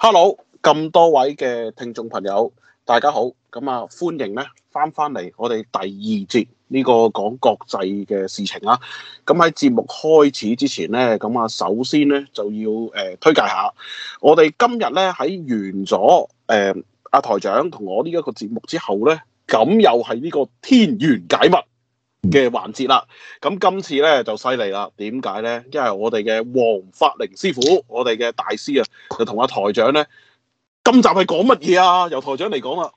hello，咁多位嘅聽眾朋友，大家好，咁啊歡迎咧翻翻嚟我哋第二節呢、這個講國際嘅事情啦、啊。咁喺節目開始之前咧，咁啊首先咧就要誒、呃、推介下我哋今日咧喺完咗誒阿台長同我呢一個節目之後咧，咁又係呢個天緣解密。嘅環節啦，咁今次咧就犀利啦，點解咧？因為我哋嘅黃法靈師傅，我哋嘅大師啊，就同阿台長咧，今集係講乜嘢啊？由台長嚟講啦。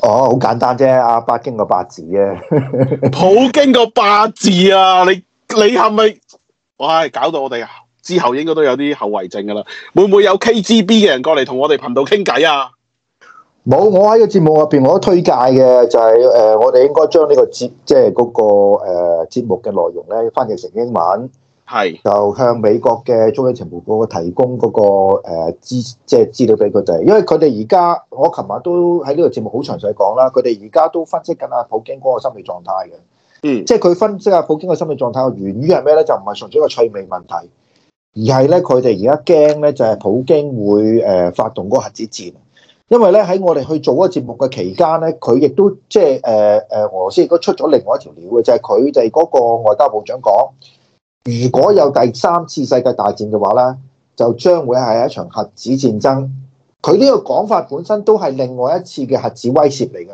哦，好簡單啫，阿、啊、北京個八字啫、啊。 普京個八字啊，你你係咪？唉、哎，搞到我哋之後應該都有啲後遺症噶啦，會唔會有 KGB 嘅人過嚟同我哋頻道傾偈啊？冇，我喺個節目入邊，我都推介嘅，就係誒，我哋應該將呢個節，即係嗰個誒節目嘅內容咧，翻譯成英文，係就向美國嘅中央情報局提供嗰個誒資，即係資料俾佢哋。因為佢哋而家，我琴日都喺呢個節目好詳細講啦，佢哋而家都分析緊阿普京嗰個心理狀態嘅。嗯，即係佢分析下普京嘅心理狀態源於係咩咧？就唔係純粹一個趣味問題，而係咧佢哋而家驚咧，就係普京會誒發動嗰個核子戰。因為咧喺我哋去做嗰節目嘅期間咧，佢亦都即係誒誒，俄羅斯亦都出咗另外一條料嘅，就係佢哋嗰個外交部長講，如果有第三次世界大戰嘅話咧，就將會係一場核子戰爭。佢呢個講法本身都係另外一次嘅核子威脅嚟嘅。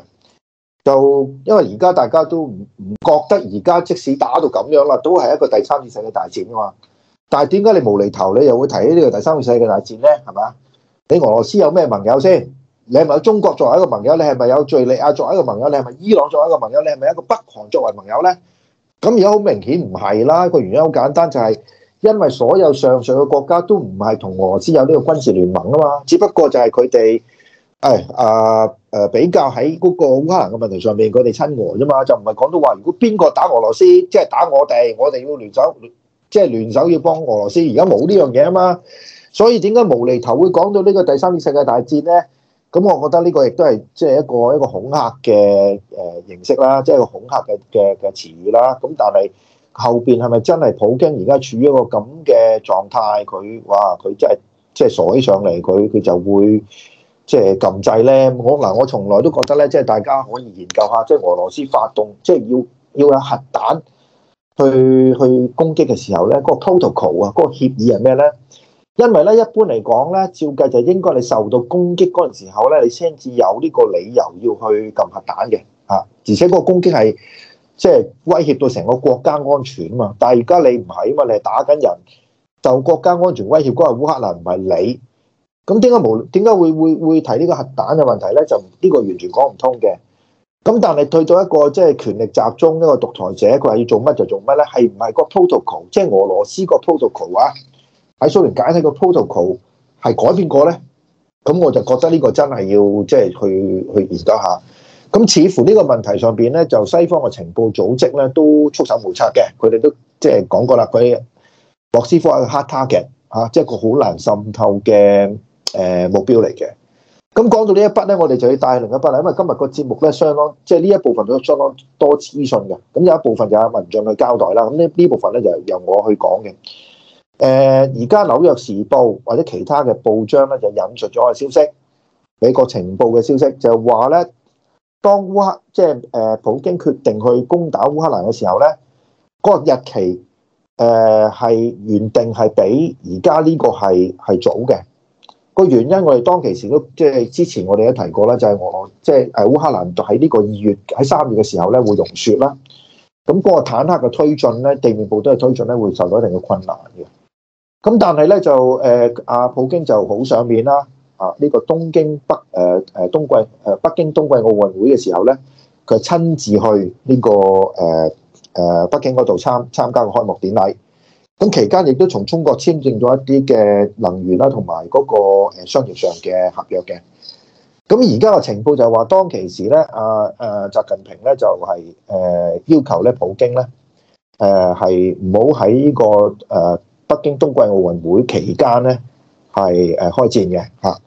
就因為而家大家都唔唔覺得，而家即使打到咁樣啦，都係一個第三次世界大戰噶嘛。但係點解你無厘頭你又會提起呢個第三次世界大戰咧？係嘛？你俄羅斯有咩盟友先？你係咪有中國作為一個盟友？你係咪有敍利亞作為一個盟友？你係咪伊朗作為一個盟友？你係咪一個北韓作為盟友咧？咁而家好明顯唔係啦，個原因好簡單，就係因為所有上述嘅國家都唔係同俄羅斯有呢個軍事聯盟啊嘛，只不過就係佢哋誒啊誒比較喺嗰個烏克蘭嘅問題上面，佢哋親俄啫嘛，就唔係講到話如果邊個打俄羅斯，即係打我哋，我哋要聯手，即係聯手要幫俄羅斯。而家冇呢樣嘢啊嘛，所以點解無厘頭會講到呢個第三次世界大戰咧？咁我覺得呢個亦都係即係一個一個恐嚇嘅誒形式啦，即係個恐嚇嘅嘅嘅詞語啦。咁但係後邊係咪真係普京而家處於一個咁嘅狀態？佢哇，佢真係即係傻起上嚟，佢佢就會即係禁制咧。我嗱，我從來都覺得咧，即係大家可以研究下，即係俄羅斯發動即係要要有核彈去去攻擊嘅時候咧，嗰個 protocol 啊，嗰個協議係咩咧？因為咧，一般嚟講咧，照計就應該你受到攻擊嗰陣時候咧，你先至有呢個理由要去撳核彈嘅啊。而且嗰個攻擊係即係威脅到成個國家安全啊嘛。但係而家你唔係啊嘛，你係打緊人，就國家安全威脅嗰個係烏克蘭唔係你。咁點解，無點解會會會提呢個核彈嘅問題咧？就呢個完全講唔通嘅。咁但係對到一個即係權力集中呢個獨裁者，佢話要做乜就做乜咧？係唔係個 protocol？即係俄羅斯個 protocol 啊？.喺蘇聯解體個 protocol 係改變過咧，咁我就覺得呢個真係要即係去去研究下。咁似乎呢個問題上邊咧，就西方嘅情報組織咧都束手無策嘅。佢哋都即係講過啦，佢莫斯科係 hard target，啊，即係個好難滲透嘅誒目標嚟嘅。咁講到呢一筆咧，我哋就要帶另一筆啦，因為今日個節目咧，相當即係呢一部分都相當多資訊嘅。咁有一部分就有文章去交代啦。咁呢呢部分咧就由我去講嘅。誒，而家紐約時報或者其他嘅報章咧，就引述咗個消息，美國情報嘅消息就話咧，當烏克即係誒普京決定去攻打烏克蘭嘅時候咧，嗰個日期誒係原定係比而家呢個係係早嘅個原因。我哋當其時都即係之前我哋都提過啦，就係我即係誒烏克蘭喺呢個二月喺三月嘅時候咧會融雪啦，咁嗰個坦克嘅推進咧地面部都係推進咧會受到一定嘅困難嘅。咁但係咧就誒啊，普京就好上面啦。啊，呢、這個東京北誒誒冬季誒、啊、北京冬季奧運會嘅時候咧，佢係親自去呢、這個誒誒、啊啊、北京嗰度參參加個開幕典禮。咁期間亦都從中國簽訂咗一啲嘅能源啦，同埋嗰個商業上嘅合約嘅。咁而家個情報就係話，當其時咧，阿、啊、誒、啊、習近平咧就係、是、誒、啊、要求咧，普京咧誒係唔好喺個誒。啊北京冬季奧運會期間咧，係誒開戰嘅嚇。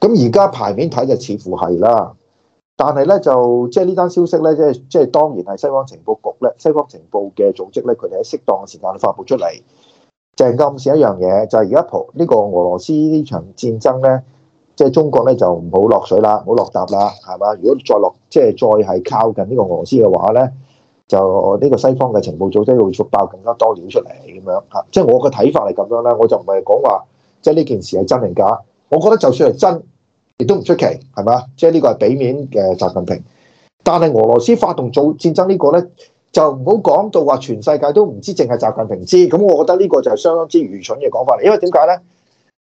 咁而家排面睇就似乎係啦，但係咧就即係呢單消息咧，即係即係當然係西方情報局咧、西方情報嘅組織咧，佢哋喺適當嘅時間發布出嚟，就係暗示一樣嘢就係而家呢個俄羅斯呢場戰爭咧，即係中國咧就唔好落水啦，唔好落搭啦，係嘛？如果再落即係再係靠近呢個俄羅斯嘅話咧。就呢個西方嘅情報組真係會速爆更加多料出嚟咁樣吓，即係我嘅睇法係咁樣啦。我就唔係講話即係呢件事係真定假，我覺得就算係真，亦都唔出奇，係咪？即係呢個係俾面嘅習近平，但係俄羅斯發動做戰爭個呢個咧，就唔好講到話全世界都唔知，淨係習近平知，咁我覺得呢個就係相當之愚蠢嘅講法嚟，因為點解咧？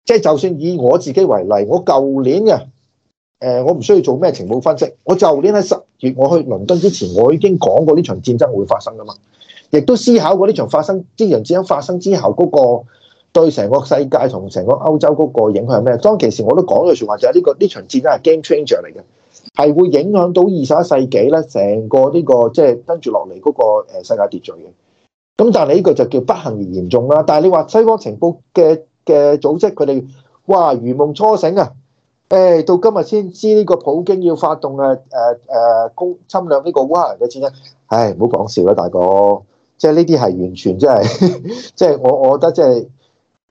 即係就算以我自己為例，我舊年呀誒、呃，我唔需要做咩情報分析，我舊年喺我去倫敦之前，我已經講過呢場戰爭會發生噶嘛，亦都思考過呢場發生，呢場戰爭發生之後嗰個對成個世界同成個歐洲嗰個影響咩？當其時我都講咗句說話就係呢、這個呢場戰爭係 game changer 嚟嘅，係會影響到二十一世紀咧、這個，成個呢個即係跟住落嚟嗰個世界秩序嘅。咁但係呢個就叫不幸而言中啦。但係你話西方情報嘅嘅組織，佢哋哇如夢初醒啊！誒、哎，到今日先知呢個普京要發動誒誒誒攻侵略呢個烏克蘭嘅戰爭，唉，唔好講笑啦、啊，大哥，即係呢啲係完全即、就、係、是，即係我我覺得即、就、係、是、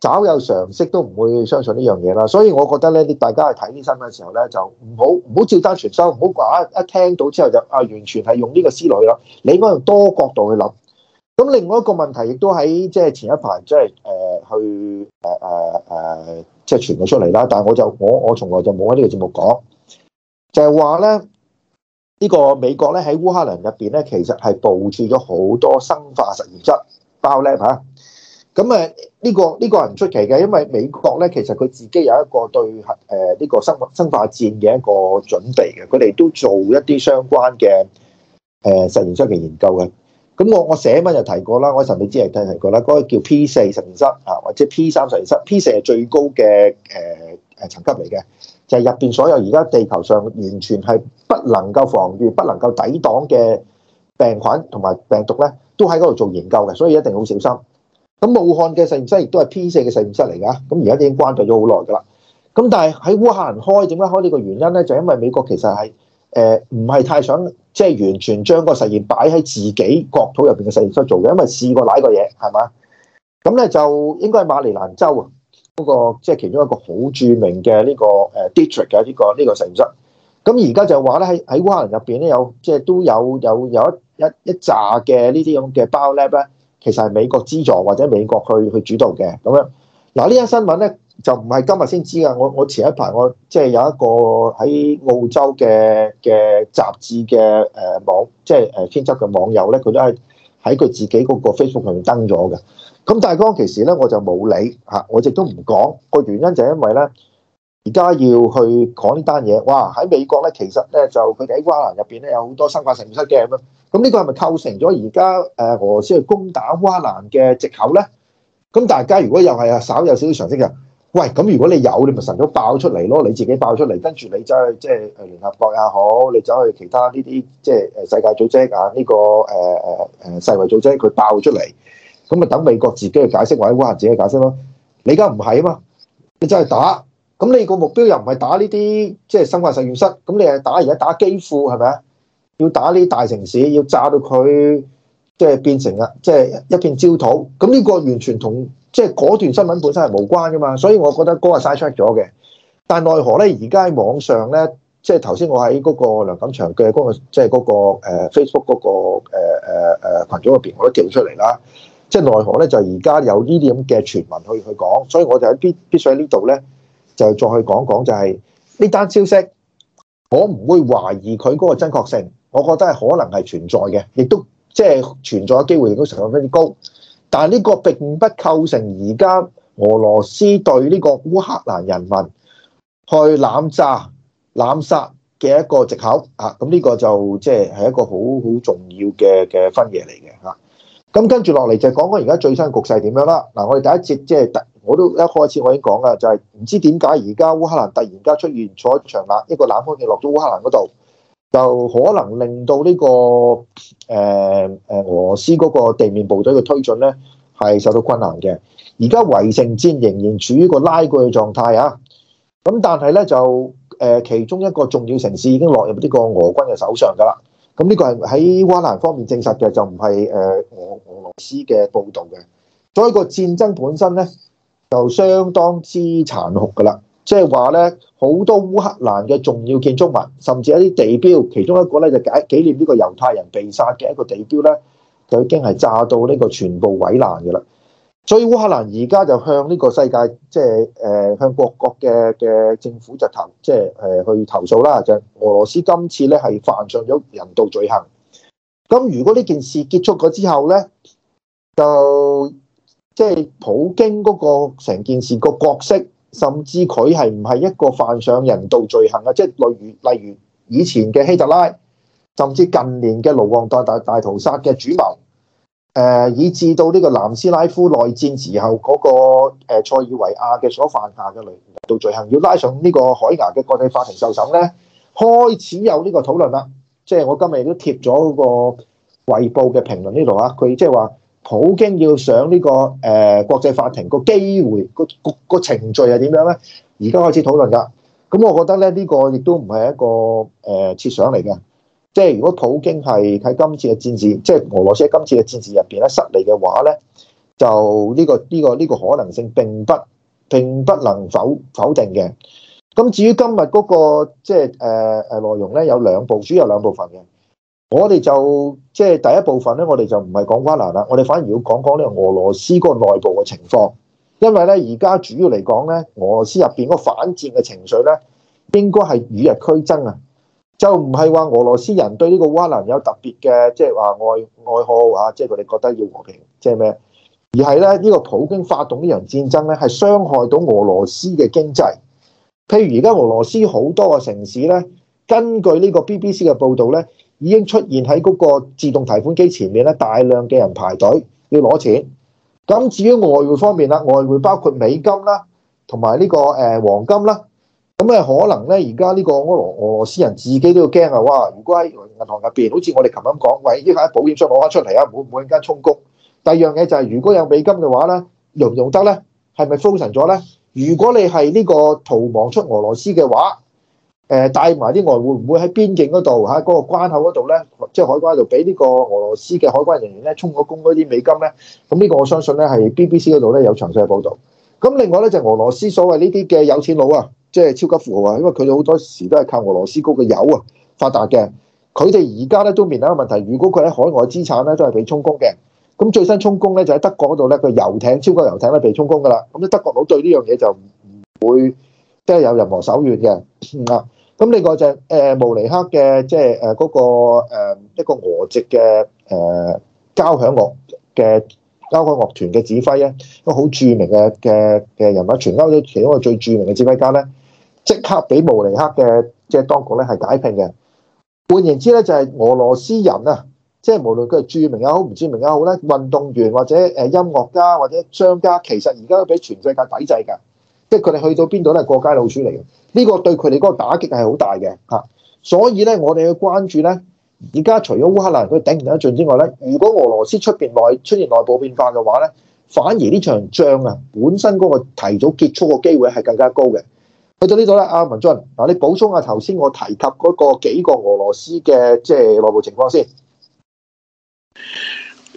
早有常識都唔會相信呢樣嘢啦，所以我覺得咧，你大家去睇呢啲新聞嘅時候咧，就唔好唔好照單全收，唔好話一聽到之後就啊，完全係用呢個思慮咯，你應該用多角度去諗。咁另外一個問題，亦都喺即係前一排、就是，即係誒去誒誒誒，即、呃、係、呃呃呃呃呃呃呃、傳咗出嚟啦。但係我就我我從來就冇喺呢個節目講，就係話咧呢、呢個美國咧喺烏克蘭入邊咧，其實係部署咗好多生化實驗室包咧嚇。咁誒呢個呢、呢個係唔出奇嘅，因為美國咧其實佢自己有一個對核誒呢個生生化戰嘅一個準備嘅，佢哋都做一啲相關嘅誒實驗室嘅研究嘅。咁我我寫文就提過啦，我嗰陣之前提過啦，嗰個叫 P 四實驗室啊，或者 P 三實驗室，P 四係最高嘅誒誒層級嚟嘅，就係入邊所有而家地球上完全係不能夠防禦、不能夠抵擋嘅病菌同埋病毒咧，都喺嗰度做研究嘅，所以一定好小心。咁武漢嘅實驗室亦都係 P 四嘅實驗室嚟噶，咁而家已經關閉咗好耐噶啦。咁但係喺烏克蘭開，點解開呢個原因咧？就因為美國其實係。誒唔係太想即係、就是、完全將個實驗擺喺自己國土入邊嘅實驗室做嘅，因為試過攋過嘢，係嘛？咁咧就應該係馬里蘭州啊、那、嗰個即係、就是、其中一個好著名嘅呢、這個誒、呃、district 嘅呢、這個呢、這個實驗室。咁而家就話咧喺喺烏克蘭入邊咧有即係、就是、都有有有一一一紮嘅呢啲咁嘅 bio lab 咧，其實係美國資助或者美國去去主導嘅咁樣。嗱呢一新聞咧。就唔係今日先知㗎。我我前一排我即係、就是、有一個喺澳洲嘅嘅雜誌嘅誒網，即係誒編輯嘅網友咧，佢都喺喺佢自己嗰個 Facebook 上面登咗嘅。咁但係嗰陣時咧，我就冇理吓，我亦都唔講個原因，就係因為咧而家要去講呢單嘢。哇！喺美國咧，其實咧就佢哋喺烏蘭入邊咧有好多生化實驗室嘅咁。咁呢個係咪構成咗而家誒俄羅斯去攻打烏蘭嘅藉口咧？咁大家如果又係啊，稍有少少常識嘅。喂，咁如果你有，你咪神都爆出嚟咯，你自己爆出嚟，跟住你走去即係聯合國也好，你走去其他呢啲即係世界組織啊，呢個誒誒誒世衞組織佢爆出嚟，咁咪等美國自己去解釋或者烏亞自己去解釋咯。你而家唔係啊嘛，你真係打，咁你個目標又唔係打呢啲即係生化實驗室，咁你係打而家打機庫係咪啊？要打呢啲大城市，要炸到佢即係變成啊，即係一片焦土。咁呢個完全同。即係嗰段新聞本身係無關噶嘛，所以我覺得嗰個係 side track 咗嘅。但奈何河咧，而家喺網上咧，即係頭先我喺嗰個梁錦祥嘅嗰個，即係嗰個 Facebook 嗰、就是、個誒誒誒羣組入邊，我都調出嚟啦。即係奈何咧，就而家有呢啲咁嘅傳聞去去講，所以我就必必須喺呢度咧，就再去講講就係呢單消息，我唔會懷疑佢嗰個真確性，我覺得係可能係存在嘅，亦都即係存在嘅機會亦都十分之高。但係呢個並不構成而家俄羅斯對呢個烏克蘭人民去濫炸、濫殺嘅一個藉口啊！咁呢個就即係係一個好好重要嘅嘅分野嚟嘅嚇。咁、啊、跟住落嚟就講講而家最新局勢點樣啦。嗱、啊，我哋第一節即係突，我都一開始我已經講啦，就係、是、唔知點解而家烏克蘭突然間出現坐一場冷一個冷空氣落咗烏克蘭嗰度。就可能令到呢、這個誒誒、呃、俄羅斯嗰個地面部隊嘅推進咧係受到困難嘅。而家圍城戰仍然處於個拉鋸嘅狀態啊。咁但係咧就誒、呃、其中一個重要城市已經落入呢個俄軍嘅手上噶啦。咁、嗯、呢、這個係喺烏克蘭方面證實嘅，就唔係誒俄俄羅斯嘅報道嘅。所以個戰爭本身咧就相當之殘酷噶啦。即係話咧，好多烏克蘭嘅重要建築物，甚至一啲地標，其中一個咧就紀紀念呢個猶太人被殺嘅一個地標咧，就已經係炸到呢個全部毀爛嘅啦。所以烏克蘭而家就向呢個世界，即係誒向各國嘅嘅政府就投，即係誒去投訴啦，就係、俄羅斯今次咧係犯上咗人道罪行。咁如果呢件事結束咗之後咧，就即係、就係、普京嗰個成件事個角色。甚至佢係唔係一個犯上人道罪行啊？即係例如例如以前嘅希特拉，甚至近年嘅盧旺達大大屠殺嘅主謀，誒、呃，以至到呢個南斯拉夫內戰時候嗰個誒塞爾維亞嘅所犯下嘅人道罪行，要拉上呢個海牙嘅國際法庭受審咧，開始有呢個討論啦。即係我今日都貼咗、嗰個衛報嘅評論呢度啊，佢即係話。普京要上呢個誒國際法庭個機會個、個程序係點樣咧？而家開始討論㗎。咁我覺得咧，呢、呢個亦都唔係一個誒設想嚟嘅。即係如果普京係喺今次嘅戰事，即係俄羅斯喺今次嘅戰事入邊咧失利嘅話咧，就呢、呢個呢、呢個呢、呢個可能性並不並不能否否定嘅。咁至於今日嗰、個即係誒誒內容咧，有兩部主要有兩部分嘅。我哋就即係第一部分咧，我哋就唔係講烏克蘭啦，我哋反而要講講呢個俄羅斯個內部嘅情況，因為咧而家主要嚟講咧，俄羅斯入邊嗰個反戰嘅情緒咧，應該係與日俱增啊，就唔係話俄羅斯人對呢個烏克蘭有特別嘅即係話愛愛好啊，即係佢哋覺得要和平，即係咩？而係咧呢個普京發動呢場戰爭咧，係傷害到俄羅斯嘅經濟。譬如而家俄羅斯好多個城市咧，根據呢個 BBC 嘅報道咧。已經出現喺嗰個自動提款機前面咧，大量嘅人排隊要攞錢。咁至於外匯方面啦，外匯包括美金啦，同埋呢個誒黃金啦。咁誒可能咧，而家呢個俄羅俄羅斯人自己都要驚啊！哇，如果喺銀行入邊，好似我哋琴日講，喂呢個喺保險箱攞翻出嚟啊，會唔會間充公？第二樣嘢就係，如果有美金嘅話咧，用唔用得咧？係咪封神咗咧？如果你係呢個逃亡出俄羅斯嘅話。誒帶埋啲外匯唔會喺邊境嗰度嚇，嗰、那個關口嗰度咧，即、就、係、是、海關度俾呢個俄羅斯嘅海關人員咧充咗公嗰啲美金咧，咁呢個我相信咧係 BBC 嗰度咧有詳細嘅報導。咁另外咧就是、俄羅斯所謂呢啲嘅有錢佬啊，即、就、係、是、超級富豪啊，因為佢哋好多時都係靠俄羅斯嗰個油啊發達嘅，佢哋而家咧都面臨一個問題，如果佢喺海外資產咧都係被充公嘅，咁最新充公咧就喺、是、德國嗰度咧，個遊艇超級遊艇咧被充公㗎啦。咁德國佬對呢樣嘢就唔唔會即係有任何手軟嘅啊。 咁呢個就係誒慕尼克嘅，即係誒嗰個誒一個俄籍嘅誒交響樂嘅交響樂團嘅指揮咧，一個好著名嘅嘅嘅人物，全歐都其中一個最著名嘅指揮家咧，即刻俾慕尼克嘅即係當局咧係解聘嘅。換言之咧，就係俄羅斯人啊，即係無論佢係著名也好，唔著名也好咧，運動員或者誒音樂家或者商家，其實而家都俾全世界抵制㗎。即係佢哋去到邊度都係過街老鼠嚟嘅，呢個對佢哋嗰個打擊係好大嘅，吓。所以咧，我哋要關注咧，而家除咗烏克蘭佢頂唔頂得順之外咧，如果俄羅斯出邊內出現內部變化嘅話咧，反而呢場仗啊，本身嗰個提早結束嘅機會係更加高嘅。去到呢度啦，阿文進，嗱，你補充下頭先我提及嗰個幾個俄羅斯嘅即係內部情況先。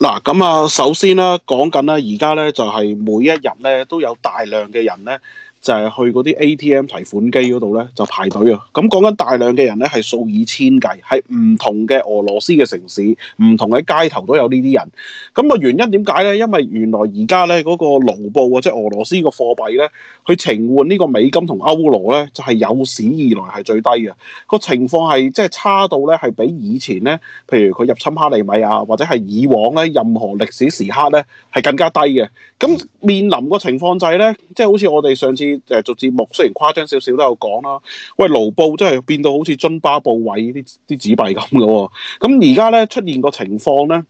嗱，咁啊，首先啦，講緊咧，而家咧就係每一日咧都有大量嘅人咧。就係去嗰啲 ATM 提款機嗰度咧，就排隊啊！咁講緊大量嘅人咧，係數以千計，係唔同嘅俄羅斯嘅城市，唔同嘅街頭都有呢啲人。咁、嗯、個原因點解咧？因為原來而家咧嗰個盧布啊，即係俄羅斯個貨幣咧，佢呈換呢個美金同歐羅咧，就係、是、有史以來係最低嘅個情況，係即係差到咧，係比以前咧，譬如佢入侵克里米亞啊，或者係以往咧任何歷史時刻咧係更加低嘅。咁、嗯、面臨個情況就係咧，即係好似我哋上次。誒做節目雖然誇張少少都有講啦，喂，盧布真係變到好似津巴布韋啲啲紙幣咁嘅喎。咁而家咧出現個情況咧，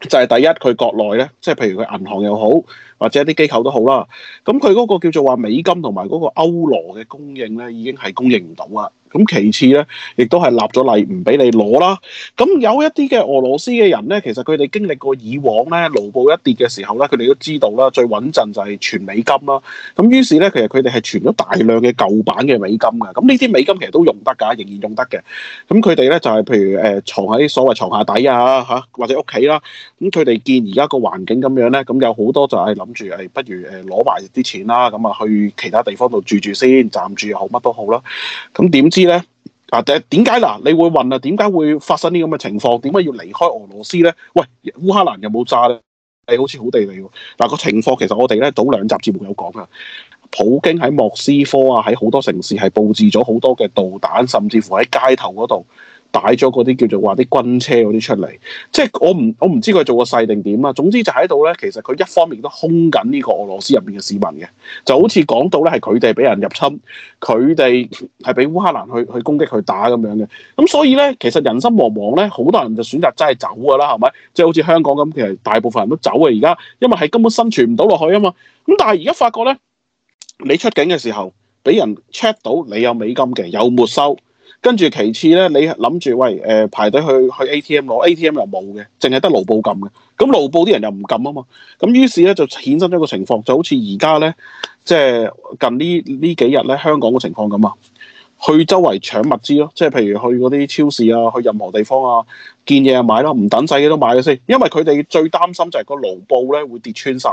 就係第一佢國內咧，即係譬如佢銀行又好或者啲機構都好啦，咁佢嗰個叫做話美金同埋嗰個歐羅嘅供應咧，已經係供應唔到啦。咁其次咧，亦都係立咗例唔俾你攞啦。咁有一啲嘅俄羅斯嘅人咧，其實佢哋經歷過以往咧盧布一跌嘅時候咧，佢哋都知道啦，最穩陣就係存美金啦。咁於是咧，其實佢哋係存咗大量嘅舊版嘅美金嘅。咁呢啲美金其實都用得㗎，仍然用得嘅。咁佢哋咧就係、是、譬如誒、呃、藏喺所謂床下底啊嚇，或者屋企啦。咁佢哋見而家個環境咁樣咧，咁有好多就係諗住誒，不如誒攞埋啲錢啦，咁啊去其他地方度住住先，暫住又好，乜都好啦。咁點？知咧啊，第點解嗱？你會問啊？點解會發生呢咁嘅情況？點解要離開俄羅斯咧？喂，烏克蘭有冇炸咧，係好似好地利喎。嗱，個情況其實我哋咧早兩集節目有講啊，普京喺莫斯科啊，喺好多城市係佈置咗好多嘅導彈，甚至乎喺街頭嗰度。帶咗嗰啲叫做話啲軍車嗰啲出嚟，即係我唔我唔知佢做個細定點啊。總之就喺度咧，其實佢一方面都控緊呢個俄羅斯入面嘅市民嘅，就好似講到咧係佢哋俾人入侵，佢哋係俾烏克蘭去去攻擊去打咁樣嘅。咁所以咧，其實人心惶惶咧，好多人就選擇真係走噶啦，係咪？即係好似香港咁，其實大部分人都走啊，而家，因為係根本生存唔到落去啊嘛。咁但係而家發覺咧，你出境嘅時候俾人 check 到你有美金嘅，有沒收。跟住其次咧，你諗住喂誒、呃、排隊去去 ATM 攞 ATM 又冇嘅，淨係得盧布撳嘅。咁盧布啲人又唔撳啊嘛。咁於是咧就衍生咗個情況，就好似而家咧，即係近呢呢幾日咧香港嘅情況咁啊，去周圍搶物資咯。即係譬如去嗰啲超市啊，去任何地方啊，見嘢就買啦，唔等使嘅都買咗先，因為佢哋最擔心就係個盧布咧會跌穿晒。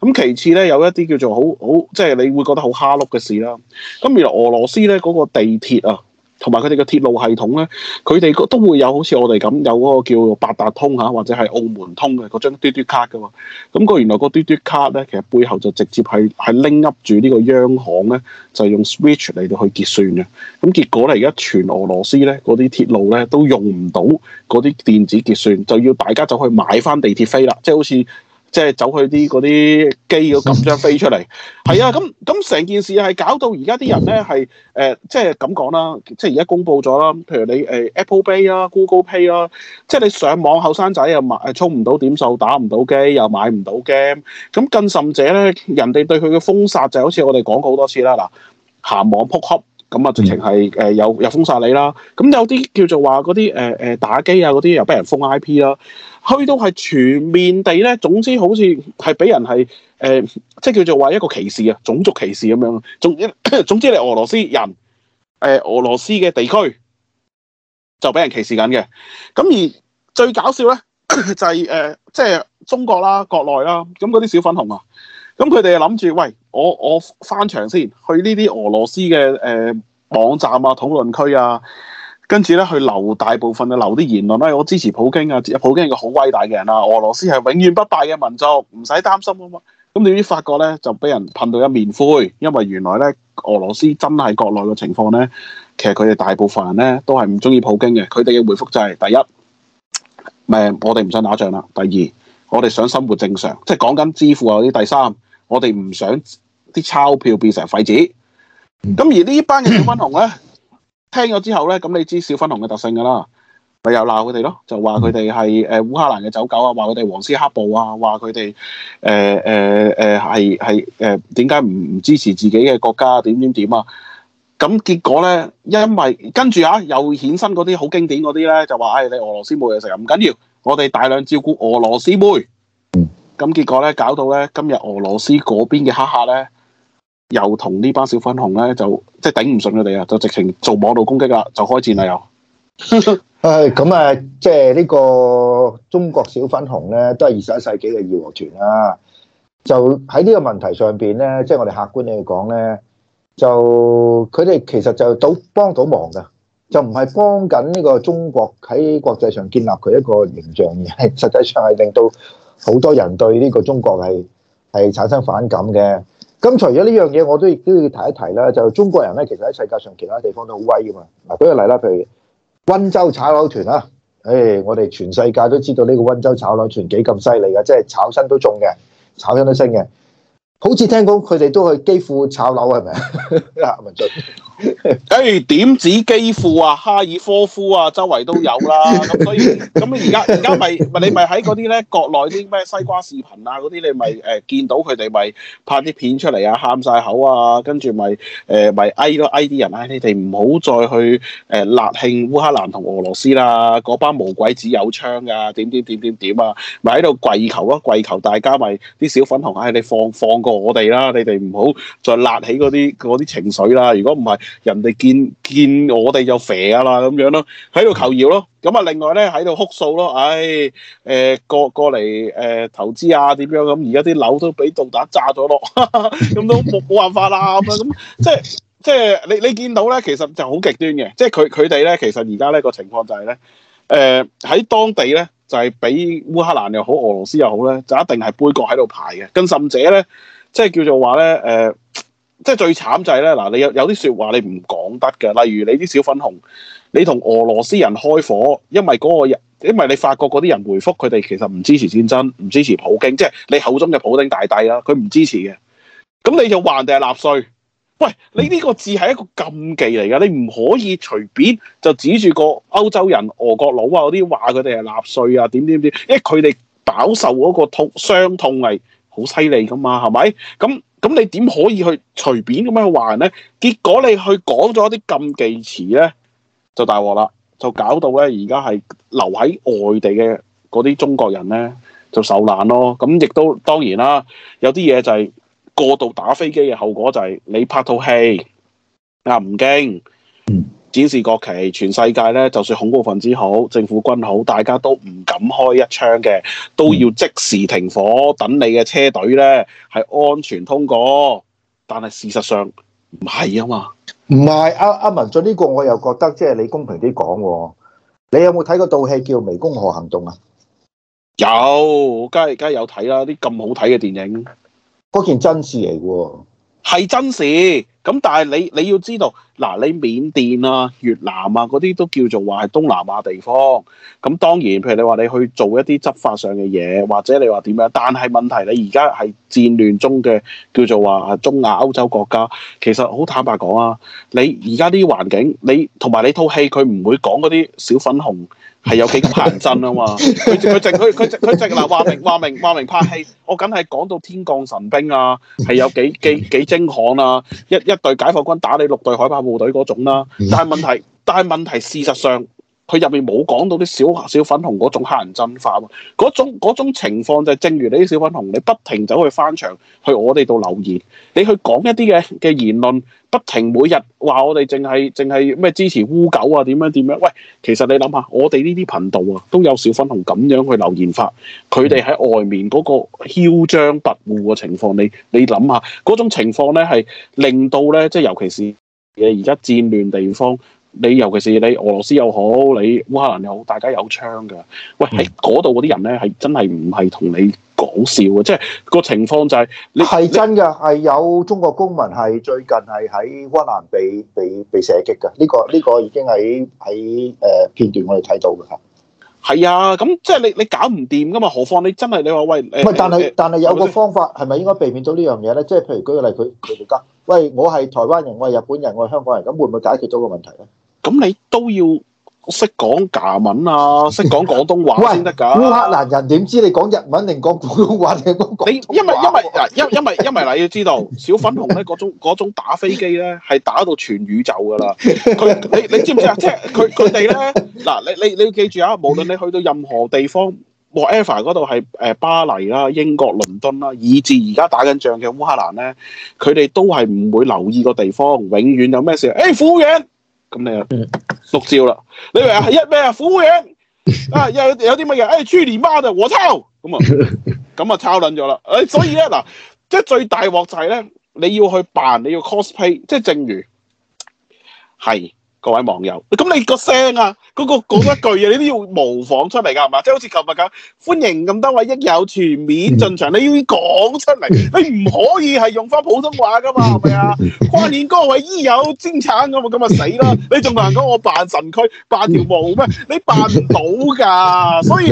咁其次咧有一啲叫做好好，即係你會覺得好蝦碌嘅事啦、啊。咁原來俄羅斯咧嗰個地鐵啊～同埋佢哋嘅鐵路系統咧，佢哋都會有好似我哋咁有嗰個叫八達通吓，或者係澳門通嘅嗰張嘟嘟卡㗎嘛。咁、嗰個原來個嘟嘟卡咧，其實背後就直接係係拎握住呢個央行咧，就用 Switch 嚟到去結算嘅。咁結果咧，而家全俄羅斯咧嗰啲鐵路咧都用唔到嗰啲電子結算，就要大家就去買翻地鐵飛啦，即係好似。即係走去啲嗰啲機要撳張飛出嚟，係 啊，咁咁成件事係搞到而家啲人咧係誒，即係咁講啦，即係而家公佈咗啦。譬如你誒、呃、Apple Pay 啊、Google Pay 啊，即係你上網後生仔又買充唔到點數，打唔到機又買唔到 game。咁更甚者咧，人哋對佢嘅封殺就好似我哋講過好多次啦。嗱，咸網撲克咁啊，直情係誒有有封殺你啦。咁有啲叫做話嗰啲誒誒打機啊嗰啲又俾人封 IP 啦。去到係全面地咧，總之好似係俾人係誒、呃，即係叫做話一個歧視啊，種族歧視咁樣。總總之你俄羅斯人，誒、呃、俄羅斯嘅地區就俾人歧視緊嘅。咁而最搞笑咧就係、是、誒、呃，即係中國啦，國內啦，咁嗰啲小粉紅啊，咁佢哋諗住，喂，我我翻牆先，去呢啲俄羅斯嘅誒、呃、網站啊、討論區啊。跟住咧，去留大部分嘅留啲言論啦。我支持普京啊，普京係個好偉大嘅人啦、啊。俄羅斯係永遠不敗嘅民族，唔使擔心啊嘛。咁點知發覺咧，就俾人噴到一面灰，因為原來咧，俄羅斯真係國內嘅情況咧，其實佢哋大部分人咧都係唔中意普京嘅。佢哋嘅回覆就係第一，誒、呃，我哋唔想打仗啦。第二，我哋想生活正常，即係講緊支付啊啲。第三，我哋唔想啲鈔票變成廢紙。咁而呢班嘅小粉紅咧。嗯聽咗之後咧，咁你知小粉紅嘅特性噶啦，咪又鬧佢哋咯，就話佢哋係誒烏克蘭嘅走狗啊，話佢哋黃絲黑暴啊，話佢哋誒誒誒係係誒點解唔唔支持自己嘅國家啊？點點點啊？咁結果咧，因為跟住啊，又衍生嗰啲好經典嗰啲咧，就話唉，你俄羅斯冇嘢食啊，唔緊要，我哋大量照顧俄羅斯妹。嗯，咁結果咧，搞到咧今日俄羅斯嗰邊嘅黑客咧。又同呢班小粉紅咧，就即係頂唔順佢哋啊，就直情做網絡攻擊啦，就開戰啦又。誒、 哎，咁啊，即係呢個中國小粉紅咧，都係二十一世紀嘅義和團啊！就喺呢個問題上邊咧，即係我哋客觀嚟講咧，就佢哋其實就都幫到忙噶，就唔係幫緊呢個中國喺國際上建立佢一個形象嘅，係實際上係令到好多人對呢個中國係係產生反感嘅。咁除咗呢樣嘢，我都亦都要提一提啦。就是、中國人咧，其實喺世界上其他地方都好威噶嘛。嗱，舉個例啦，譬如溫州炒樓團啊。誒、哎，我哋全世界都知道呢個溫州炒樓團幾咁犀利噶，即係炒新都中嘅，炒新都升嘅。好似聽講佢哋都去基輔炒樓係咪啊？是 哎，點子機庫啊，哈爾科夫啊，周圍都有啦。咁所以，咁而家而家咪你咪喺嗰啲咧，國內啲咩西瓜視頻啊嗰啲，你咪誒、呃、見到佢哋咪拍啲片出嚟啊，喊晒口啊，跟住咪誒咪哀咯哀啲人，哎、你哋唔好再去誒辣慶烏克蘭同俄羅斯啦，嗰班無鬼子有槍噶、啊，點點點點點啊，咪喺度跪求咯、啊，跪求大家咪、就、啲、是、小粉紅，唉、哎，你放放過我哋啦，你哋唔好再辣起嗰啲啲情緒啦，如果唔係。人哋見見我哋就肥啊啦咁樣咯，喺度求饒咯，咁啊另外咧喺度哭訴咯，唉、哎、誒、呃、過過嚟誒、呃、投資啊點樣咁？而家啲樓都俾導彈炸咗落，咁都冇冇辦法啦咁樣咁，即係即係你你見到咧，其實就好極端嘅，即係佢佢哋咧，其實而家呢個情況就係咧，誒、呃、喺當地咧就係、是、俾烏克蘭又好，俄羅斯又好咧，就一定係杯葛喺度排嘅更甚者咧，即係叫做話咧誒。呃呃即係最慘就係咧，嗱，你有有啲説話你唔講得嘅，例如你啲小粉紅，你同俄羅斯人開火，因為嗰個人，因為你法國嗰啲人回覆佢哋，其實唔支持戰爭，唔支持普京，即係你口中嘅普京大帝啦，佢唔支持嘅，咁你就話人哋係納粹，喂，你呢個字係一個禁忌嚟㗎，你唔可以隨便就指住個歐洲人、俄國佬啊嗰啲話佢哋係納粹啊點點點，因為佢哋飽受嗰個痛傷痛係好犀利㗎嘛，係咪？咁咁你點可以去隨便咁樣話人呢？結果你去講咗啲禁忌詞呢，就大鑊啦！就搞到呢而家係留喺外地嘅嗰啲中國人呢，就受難咯。咁亦都當然啦，有啲嘢就係過度打飛機嘅後果就係你拍套戲啊，唔驚。嗯展示國旗，全世界咧，就算恐怖分子好，政府軍好，大家都唔敢開一槍嘅，都要即時停火，等你嘅車隊咧係安全通過。但係事實上唔係啊嘛，唔係阿阿文俊呢個，我又覺得即係你公平啲講，你有冇睇過套戲叫《湄公河行動》啊？有，梗係梗有睇啦，啲咁好睇嘅電影，嗰件真事嚟嘅喎，係真事。咁但係你你要知道，嗱、啊、你緬甸啊、越南啊嗰啲都叫做話係東南亞地方。咁當然，譬如你話你去做一啲執法上嘅嘢，或者你話點樣？但係問題你而家係戰亂中嘅叫做話中亞歐洲國家，其實好坦白講啊，你而家啲環境，你同埋你套戲佢唔會講嗰啲小粉紅係有幾迫真啊嘛！佢佢淨佢嗱話明話明話明，明拍戲，我梗係講到天降神兵啊，係有幾幾幾，幾精悍啊一～一隊解放軍打你六隊海豹部隊嗰種啦，但係問題，但係問題事實上。佢入面冇講到啲小小粉紅嗰種黑人憎化喎，嗰種嗰種情況就正如你啲小粉紅，你不停走去翻牆去我哋度留言，你去講一啲嘅嘅言論，不停每日話我哋淨係淨係咩支持烏狗啊點樣點樣？喂，其實你諗下，我哋呢啲頻道啊都有小粉紅咁樣去留言發，佢哋喺外面嗰個囂張跋扈嘅情況，你你諗下嗰種情況咧係令到咧即係尤其是嘅而家戰亂地方。你尤其是你俄羅斯又好，你烏克蘭又好，大家有槍㗎。喂，喺嗰度嗰啲人咧係真係唔係同你講笑啊！即係、個情況就係、你、係真㗎，係你有中國公民係最近係喺烏克蘭被被被射擊㗎。呢、呢個呢、呢個已經喺喺誒片段我哋睇到㗎嚇。係啊，咁即係你你搞唔掂㗎嘛？何況你真係你話喂唔但係是、欸、但係有個方法係咪應該避免到呢樣嘢咧？即係譬如舉個例，佢佢哋家：「喂，我係台灣人，我係日本人，我係香港人，咁會唔會解決到個問題咧？咁你都要識講夾文啊，識講廣東話先得噶。烏克蘭人點知你講日文定講廣東話定講？講啊、你因為因為嗱，因因為因為嗱，要知道小粉紅咧嗰 種種打飛機咧，係打到全宇宙噶啦。佢 你你知唔知啊？即係佢佢哋咧嗱，你你你要記住啊，無論你去到任何地方，whatever 嗰度係誒巴黎啦、英國倫敦啦，以至而家打緊仗嘅烏克蘭咧，佢哋都係唔會留意個地方，永遠有咩事誒，服咁你又六招啦？你話係一咩啊？虎影啊，有有啲乜嘢？哎，豬你媽就我抄，咁啊，咁啊抄捻咗啦！誒、哎，所以咧嗱，即係最大鑊就係、是、咧，你要去扮，你要 cosplay，即係正如係。各位網友，咁你個聲啊，嗰、嗰個講、嗰個、一句啊，你都要模仿出嚟噶，係嘛？即係好似琴日咁，歡迎咁多位益友全面進場，你要講出嚟，你唔可以係用翻普通話噶嘛，係咪啊？掛念各位益友精產咁啊，咁啊死啦！你仲扮講我扮神區，扮條毛咩？你扮唔到噶，所以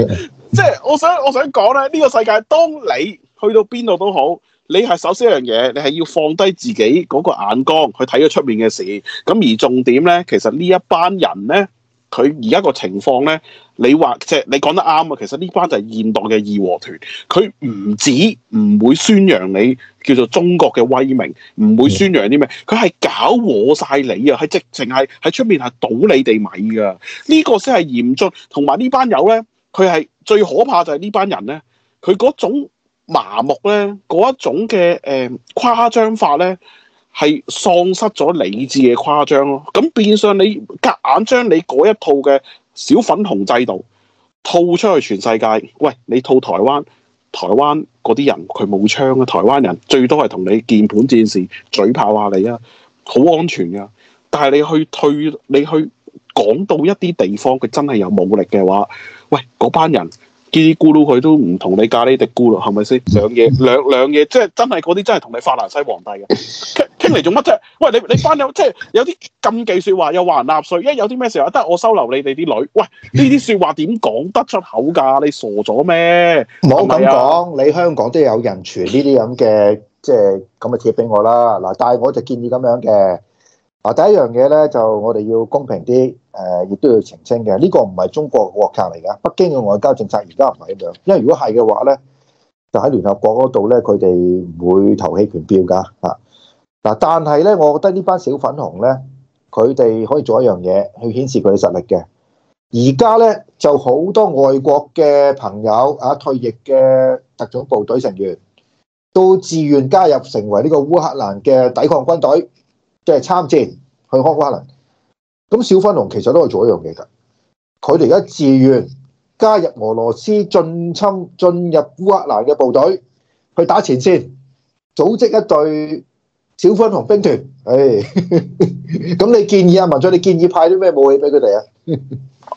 即係我想我想講咧，呢、呢個世界，當你去到邊度都好。你係首先一樣嘢，你係要放低自己嗰個眼光去睇咗出面嘅事。咁而重點咧，其實呢一班人咧，佢而家個情況咧，你話即係你講得啱啊！其實呢班就係現代嘅義和團，佢唔止唔會宣揚你叫做中國嘅威名，唔會宣揚啲咩，佢係搞和晒你啊！佢直情係喺出面係倒你哋米噶。呢個先係嚴重。同埋呢班友咧，佢係最可怕就係呢班人咧，佢嗰種。麻木咧嗰一種嘅誒、呃、誇張法咧，係喪失咗理智嘅誇張咯。咁變相你夾硬將你嗰一套嘅小粉紅制度套出去全世界。喂，你套台灣，台灣嗰啲人佢冇槍嘅、啊，台灣人最多係同你鍵盤戰士嘴炮下你啊，好安全噶。但係你去退，你去講到一啲地方，佢真係有武力嘅話，喂嗰班人。嘀咕到佢都唔同你㗎，呢啲嘀咕咯，係咪先？兩嘢，兩兩嘢，即係真係嗰啲真係同你法蘭西皇帝嘅傾傾嚟做乜啫？喂，你你班有即係有啲禁忌説話，又話人納稅，一有啲咩時候，得我收留你哋啲女。喂，呢啲説話點講得出口㗎？你傻咗咩？唔好咁講，你香港都有人傳呢啲咁嘅即係咁嘅帖俾我啦。嗱，但係我就建議咁樣嘅，嗱，第一樣嘢咧，就我哋要公平啲。誒，亦都要澄清嘅，呢個唔係中國國策嚟噶。北京嘅外交政策而家唔係咁樣，因為如果係嘅話咧，就喺聯合國嗰度咧，佢哋唔會投棄權票噶。嚇嗱，但係咧，我覺得呢班小粉紅咧，佢哋可以做一樣嘢去顯示佢嘅實力嘅。而家咧就好多外國嘅朋友啊，退役嘅特種部隊成員都自願加入成為呢個烏克蘭嘅抵抗軍隊，即係參戰去烏克蘭。咁小粉紅其實都係做一樣嘢噶，佢哋而家自願加入俄羅斯進侵進入烏克蘭嘅部隊去打前線，組織一隊小粉紅兵團。唉，咁你建議阿、啊、文進，你建議派啲咩武器俾佢哋啊？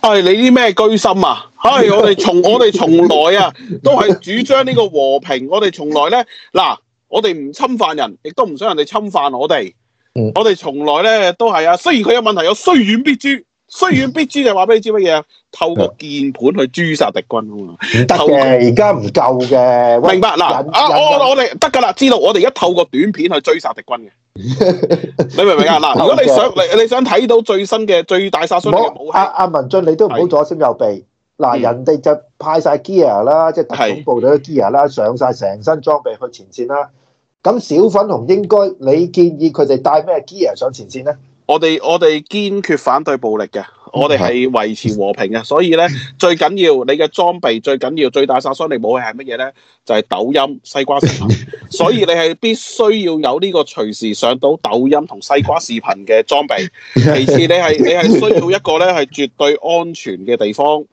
唉、 哎，你啲咩居心啊？唉、哎，我哋從我哋從來啊都係主張呢個和平，我哋從來咧嗱，我哋唔侵犯人，亦都唔想人哋侵犯我哋。嗯、我哋從來咧都係啊，雖然佢有問題，有雖遠必誅，雖遠必誅就話俾你知乜嘢，透過鍵盤去誅殺敵軍得、啊、嘅，而家唔夠嘅。夠明白嗱忍、啊、我我哋得噶啦，知道我哋而家透過短片去追殺敵軍嘅， 你明唔明啊？嗱，如果你想 Okay. 你你想睇到最新嘅最大殺傷力嘅武器，阿阿、啊、文進你都唔好左先右避。嗱的，人哋就派晒 gear 啦，即係特種部隊嘅 gear 啦，上晒成身裝備去前線啦。咁小粉紅應該你建議佢哋帶咩 gear 上前線呢？我哋我哋堅決反對暴力嘅。我哋係維持和平嘅，所以咧最緊要你嘅裝備，最緊要最大殺傷力武器係乜嘢咧？就係抖音、西瓜視頻。所以你係必須要有呢個隨時上到抖音同西瓜視頻嘅裝備。其次，你係你係需要一個咧係絕對安全嘅地方，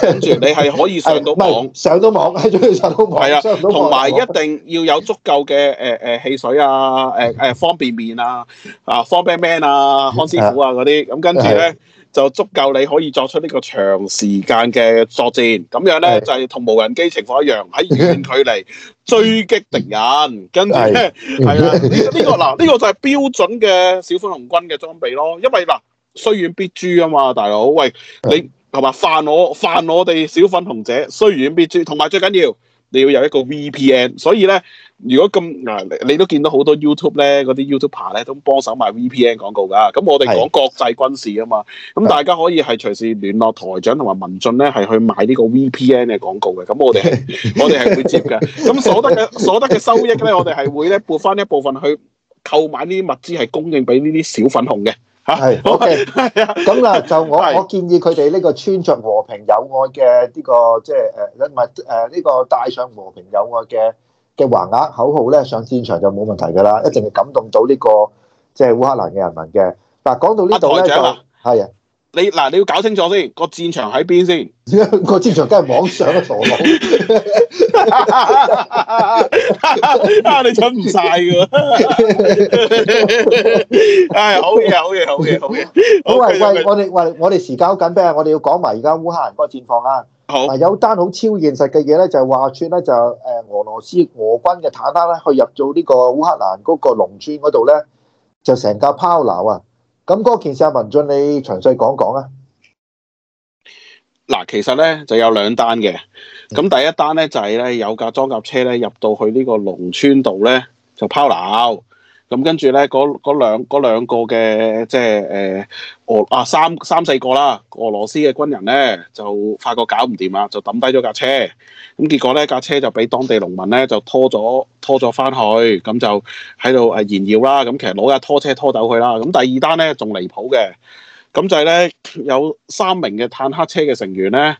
跟住你係可以上到網，上到網啊，仲要上到網，係啊，同埋一定要有足夠嘅誒誒汽水啊、誒誒方便麵啊、啊方便麵啊、康師傅啊嗰啲，咁跟住咧。就足夠你可以作出呢個長時間嘅作戰，咁樣呢，是就係同無人機情況一樣，喺遠距離 追擊敵人，跟住呢呢個嗱，呢、呢個就係標準嘅小粉紅軍嘅裝備咯。因為嗱，雖遠必誅啊嘛，大佬喂，你係嘛是犯我犯我哋小粉紅者，雖遠必誅。同埋最緊要你要有一個 VPN，所以呢。如果咁嗱，你都見到好多 YouTube 咧，嗰啲 YouTuber 咧都幫手賣 VPN 廣告噶。咁我哋講國際軍事啊嘛，咁大家可以係隨時聯絡台長同埋文進咧，係去買呢個 VPN 嘅廣告嘅。咁我哋係我哋係會接嘅。咁所得嘅所得嘅收益咧，我哋係會咧撥返一部分去購買呢啲物資，係供應俾呢啲小粉紅嘅嚇。係 OK，係啊。咁嗱，就我我建議佢哋呢個穿著和平友愛嘅呢個即係誒，唔係誒呢個戴上和平友愛嘅。嘅橫額口號咧，上戰場就冇問題㗎啦，一定係感動到呢個即係烏克蘭嘅人民嘅。嗱，講到呢度咧就係啊，你嗱你要搞清楚先，個戰場喺邊先？個戰場梗係網上嘅傻佬，你跟唔晒㗎？係好嘢，好嘢，好嘢，好嘢！好啊，喂，我哋喂，我哋時間好緊，咩啊？我哋要講埋而家烏克蘭嗰個戰況啊！嗱，好，有單好超現實嘅嘢咧，就係話說咧就誒俄羅斯俄軍嘅坦克咧去入咗呢個烏克蘭嗰個農村嗰度咧，就成架拋錨啊！咁嗰件事阿文進你詳細講講啊！嗱，其實咧就有兩單嘅，咁第一單咧就係咧有架裝甲車咧入到去呢個農村度咧就拋錨。咁跟住咧，嗰嗰兩個嘅即係誒俄啊三三四個啦，俄羅斯嘅軍人咧就發覺搞唔掂啦，就抌低咗架車。咁結果咧架車就俾當地農民咧就拖咗拖咗翻去，咁就喺度誒燃燒啦。咁其實攞架拖車拖走佢啦。咁第二單咧仲離譜嘅，咁就係咧有三名嘅坦克車嘅成員咧，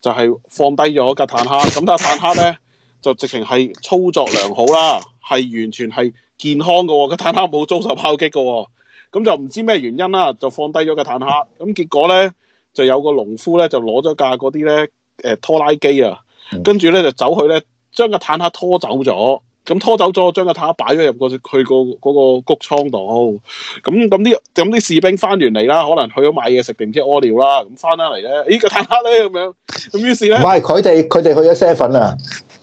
就係放低咗架坦克。咁但坦克咧就直情係操作良好啦，係完全係。健康嘅喎、哦，個坦克冇遭受炮擊嘅喎、哦，咁就唔知咩原因啦，就放低咗個坦克，咁結果咧就有個農夫咧就攞咗架嗰啲咧誒拖拉機啊，跟住咧就走去咧將個坦克拖走咗，咁拖走咗將個坦克擺咗入個佢、嗰個嗰谷倉度，咁咁啲咁啲士兵翻完嚟啦，可能去咗買嘢食定唔知屙尿啦，咁翻翻嚟咧，呢個坦克咧咁樣，咁於是咧，唔係佢哋佢哋去咗 seven 啊。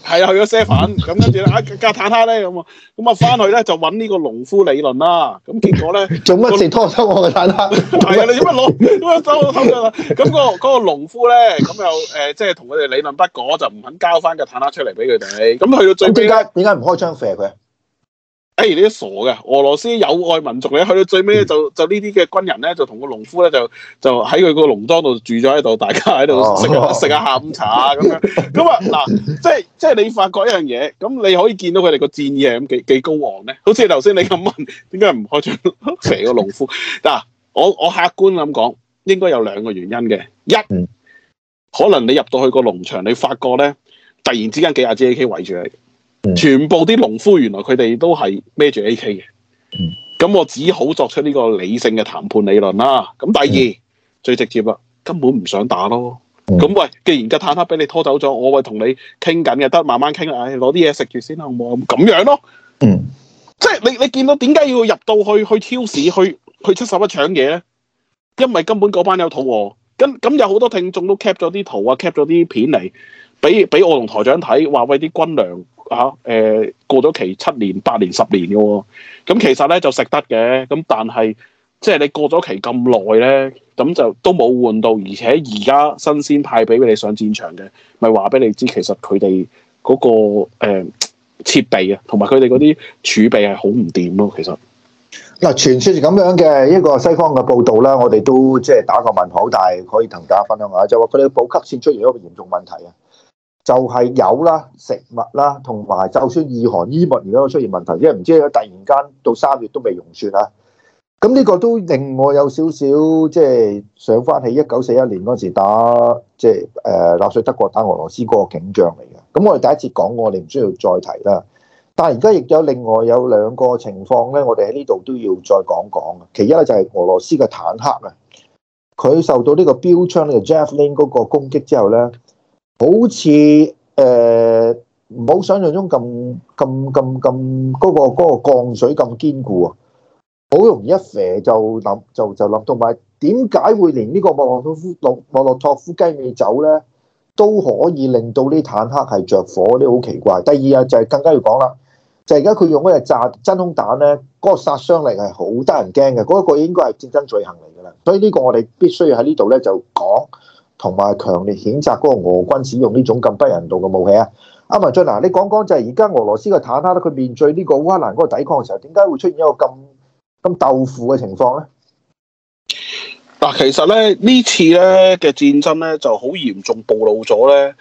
係啊，去咗些粉咁跟住咧，啊架、那個、坦克咧咁啊，咁啊翻去咧就揾呢個農夫理論啦、啊，咁結果咧做乜事拖走我嘅坦克？係 啊，你做乜攞咁樣走我心嘅啦？咁、那個那個農夫咧，咁又誒即係同佢哋理論不果，就唔肯交翻架坦克出嚟俾佢哋。咁、啊、去到最後點解點解唔開槍射、啊、佢？啊哎，你啲傻嘅，俄羅斯有愛民族咧，去到最尾咧就就呢啲嘅軍人咧就同個農夫咧就就喺佢個農莊度住咗喺度，大家喺度食食下下午茶咁樣。咁啊嗱，即係即係你發覺一樣嘢，咁你可以見到佢哋個戰意啊，咁幾幾高昂咧。好似頭先你咁問，點解唔開槍射個農夫？嗱，我我客觀咁講，應該有兩個原因嘅。一可能你入到去個農場，你發覺咧，突然之間幾廿支 AK 圍住你。全部啲農夫原來佢哋都係孭住 AK 嘅，咁、嗯、我只好作出呢個理性嘅談判理論啦。咁第二、嗯、最直接啦，根本唔想打咯。咁、嗯、喂，既然個坦克俾你拖走咗，我喂同你傾緊嘅，得慢慢傾。唉、哎，攞啲嘢食住先啦，好冇咁樣咯。嗯，即係你你見到點解要入到去去超市去去七十一搶嘢咧？因為根本嗰班肚有肚餓。咁咁有好多聽眾都 cap 咗啲圖啊，cap 咗啲片嚟。俾俾我同台長睇，話喂啲軍糧嚇誒、啊呃、過咗期七年、八年、十年嘅喎、哦，咁其實咧就食得嘅，咁但係即係你過咗期咁耐咧，咁就都冇換到，而且而家新鮮派俾俾你上戰場嘅，咪話俾你知，其實佢哋嗰個誒、呃、設備啊，同埋佢哋嗰啲儲備係好唔掂咯。其實嗱，傳説係咁樣嘅一個西方嘅報道啦，我哋都即係打個問號，但係可以同大家分享下，就話佢哋補給線出現一個嚴重問題啊！就係有啦，食物啦，同埋就算禦寒衣物而家都出現問題，因為唔知突然間到三月都未融雪啊。咁呢個都令我有少少即係、就是、想翻起一九四一年嗰時打即係誒納粹德國打俄羅斯嗰個景象嚟嘅。咁我哋第一次講過，我哋唔需要再提啦。但係而家亦有另外有兩個情況咧，我哋喺呢度都要再講講。其一咧就係俄羅斯嘅坦克啊，佢受到呢個標槍呢個 Javelin 嗰個攻擊之後咧。好似誒，唔好想象中咁咁咁咁嗰個嗰個鋼水咁堅固啊，好容易一飛就諗就就諗，同埋點解會連呢個莫洛，莫洛托夫莫莫洛托夫雞尾酒咧都可以令到呢坦克係着火呢？好奇怪。第二啊，就係更加要講啦，就而家佢用嗰個炸真空彈咧，嗰個殺傷力係好得人驚嘅，嗰一個應該係戰爭罪行嚟噶啦。所以呢個我哋必須要喺呢度咧就講。同埋強烈譴責嗰個俄軍使用呢種咁不人道嘅武器啊！阿文進嗱，你講講就係而家俄羅斯嘅坦克咧，佢面對呢個烏克蘭嗰個抵抗嘅時候，點解會出現一個咁咁豆腐嘅情況咧？嗱，其實咧呢次咧嘅戰爭咧就好嚴重暴露咗咧。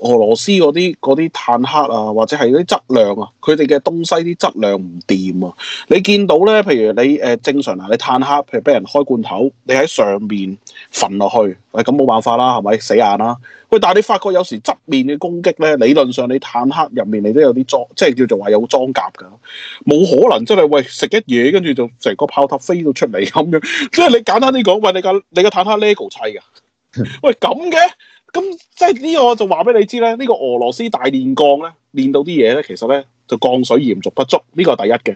俄羅斯嗰啲啲坦克啊，或者係啲質量啊，佢哋嘅東西啲質量唔掂啊！你見到咧，譬如你誒、呃、正常啊，你坦克，譬如俾人開罐頭，你喺上面焚落去，喂咁冇辦法啦，係咪死硬啦？喂，但係你發覺有時側面嘅攻擊咧，理論上你坦克入面你都有啲裝，即係叫做話有裝甲㗎，冇可能真係喂，食一嘢，跟住就成個炮塔飛到出嚟咁樣。即係你簡單啲講，喂，你架你架坦克 lego 砌㗎，喂咁嘅。咁即係呢個我就話俾你知咧，呢、這個俄羅斯大練鋼咧，練到啲嘢咧，其實咧就降水嚴重不足，呢、這個係第一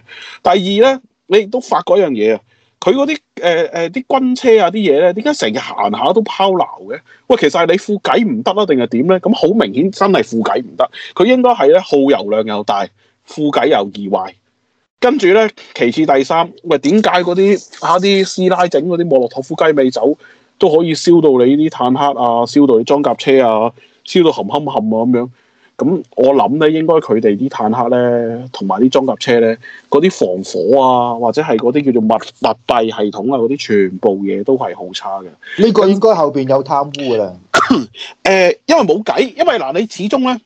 嘅。第二咧，你都發覺一樣嘢啊，佢嗰啲誒誒啲軍車啊啲嘢咧，點解成日行下都拋錨嘅？喂，其實係你富偈唔得啦，定係點咧？咁好明顯真係富偈唔得，佢應該係咧耗油量又大，富偈又易壞。跟住咧，其次第三，喂點解嗰啲下啲師奶整嗰啲莫洛托夫雞尾酒？都可以燒到你啲坦克啊，燒到你裝甲車啊，燒到冚冚冚啊咁樣。咁我諗咧，應該佢哋啲坦克咧，同埋啲裝甲車咧，嗰啲防火啊，或者係嗰啲叫做密密閉系統啊，嗰啲全部嘢都係好差嘅。呢個應該後邊有貪污嘅啦。誒、嗯呃，因為冇計，因為嗱、呃，你始終咧。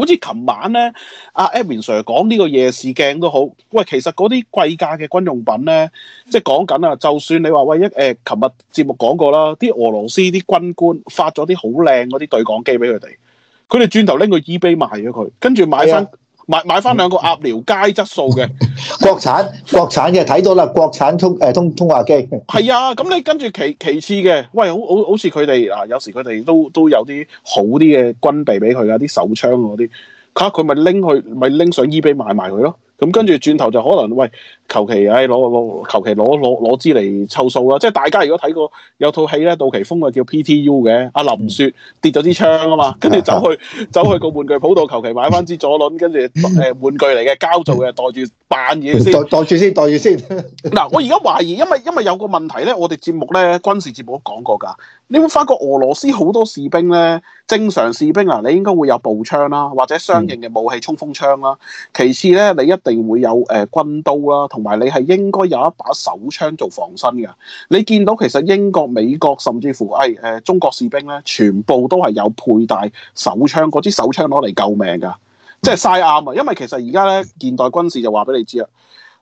好似琴晚咧，阿 Edwin Sir 講呢個夜視鏡都好。喂，其實嗰啲貴價嘅軍用品咧，即係講緊啊，就算你話喂一誒，琴、呃、日節目講過啦，啲俄羅斯啲軍官發咗啲好靚嗰啲對講機俾佢哋，佢哋轉頭拎個 eBay 賣咗佢，跟住買翻。買買翻兩個鴨寮街質素嘅國產國產嘅睇到啦，國產通誒通通話機係啊，咁你跟住其其次嘅，喂好好好似佢哋啊，有時佢哋都都有啲好啲嘅軍備俾佢啊，啲手槍嗰啲，佢佢咪拎去咪拎上衣 b a y 賣賣佢咯。咁跟住轉頭就可能喂，求其唉攞攞求其攞攞攞支嚟湊數啦！即係大家如果睇過有套戲咧，杜琪峰啊叫 PTU 嘅，阿林雪跌咗支槍啊嘛，跟住走去走去個玩具鋪度求其買翻支左輪，跟住誒玩具嚟嘅膠做嘅，袋住扮嘢先，袋住先，袋住先。嗱，我而家懷疑，因為因為有個問題咧，我哋節目咧軍事節目都講過㗎。你會發覺俄羅斯好多士兵咧，正常士兵呀，你應該會有步槍啦，或者相應嘅武器衝鋒槍啦。其次咧，你一定定會有誒、呃、軍刀啦，同埋你係應該有一把手槍做防身嘅。你見到其實英國、美國甚至乎誒誒、哎呃、中國士兵咧，全部都係有佩戴手槍，嗰支手槍攞嚟救命嘅，即係沙啱啊！因為其實而家咧現代軍事就話俾你知啦，誒、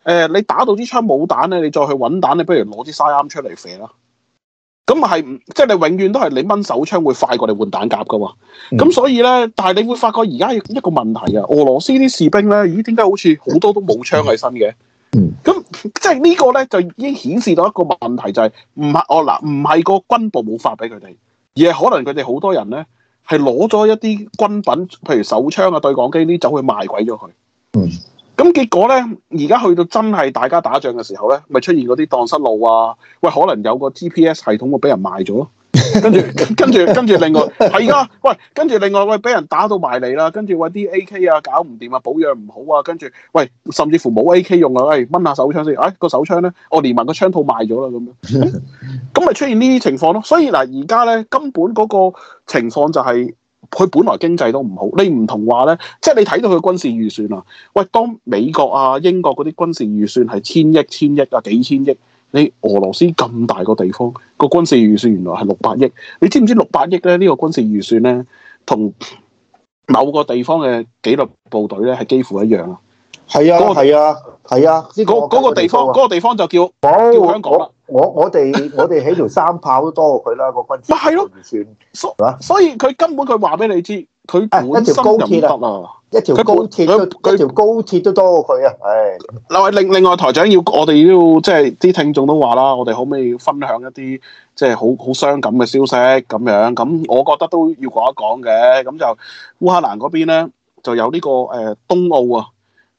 呃、你打到支槍冇彈咧，你再去揾彈，你不如攞支沙啱出嚟射啦。咁係，即係你永遠都係你掹手槍會快過你換彈夾噶嘛。咁所以咧，但係你會發覺而家一個問題啊，俄羅斯啲士兵咧，咦，點解好似好多都冇槍喺身嘅？咁、嗯、即係呢個咧就已經顯示到一個問題，就係唔係我嗱，唔係個軍部冇發俾佢哋，而係可能佢哋好多人咧係攞咗一啲軍品，譬如手槍啊、對講機呢，走去賣鬼咗佢。嗯咁結果咧，而家去到真係大家打仗嘅時候咧，咪出現嗰啲蕩失路啊！喂，可能有個 GPS 系統會俾人賣咗咯，跟住跟住跟住另外係啊！喂，跟住另外喂俾人打到埋嚟啦，跟住喂啲 AK 啊搞唔掂啊，保養唔好啊，跟住喂甚至乎冇 AK 用啊，喂掹下手槍先，哎個手槍咧，我連埋個槍套賣咗啦咁樣，咁、嗯、咪出現呢啲情況咯。所以嗱，而家咧根本嗰個情況就係、是。佢本來經濟都唔好，你唔同話咧，即係你睇到佢軍事預算啊！喂，當美國啊、英國嗰啲軍事預算係千億、千億啊、幾千億，你俄羅斯咁大個地方個軍事預算原來係六百億，你知唔知六百億咧呢個軍事預算咧同某個地方嘅紀律部隊咧係幾乎一樣啊？係啊，係啊，係啊！啲嗰個地方，嗰個地方就叫叫香港啦。我我哋我哋喺條三炮都多過佢啦，個軍。咪係咯，唔算。係嘛？所以佢根本佢話俾你知，佢一條高鐵啊，一條高鐵，佢條高鐵都多過佢啊！唉，嗱，另另外台長要我哋要即係啲聽眾都話啦，我哋可唔可以分享一啲即係好好傷感嘅消息咁樣？咁我覺得都要講一講嘅。咁就烏克蘭嗰邊咧，就有呢個誒冬奧啊。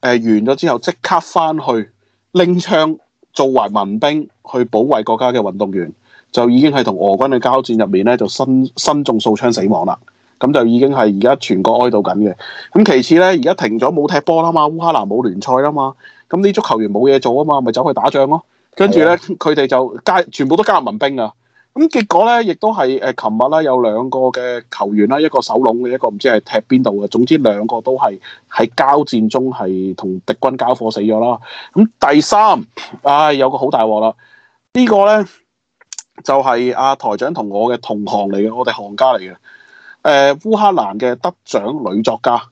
誒、呃，完咗之後即刻翻去拎槍作為民兵去保衛國家嘅運動員，就已經係同俄軍嘅交戰入面咧，就身身中數槍死亡啦。咁就已經係而家全國哀悼緊嘅。咁其次咧，而家停咗冇踢波啦嘛，烏克蘭冇聯賽啦嘛，咁啲足球員冇嘢做啊嘛，咪走去打仗咯。跟住咧，佢哋是的 就加全部都加入民兵啊。咁結果咧，亦都係誒，琴日啦，有兩個嘅球員啦，一個守籠嘅，一個唔知係踢邊度嘅。總之兩個都係喺交戰中係同敵軍交火死咗啦。咁、嗯、第三，唉、哎，有個好大鑊啦！這個、呢個咧就係、是、阿、啊、台長同我嘅同行嚟嘅，我哋行家嚟嘅。誒、呃，烏克蘭嘅得獎女作家，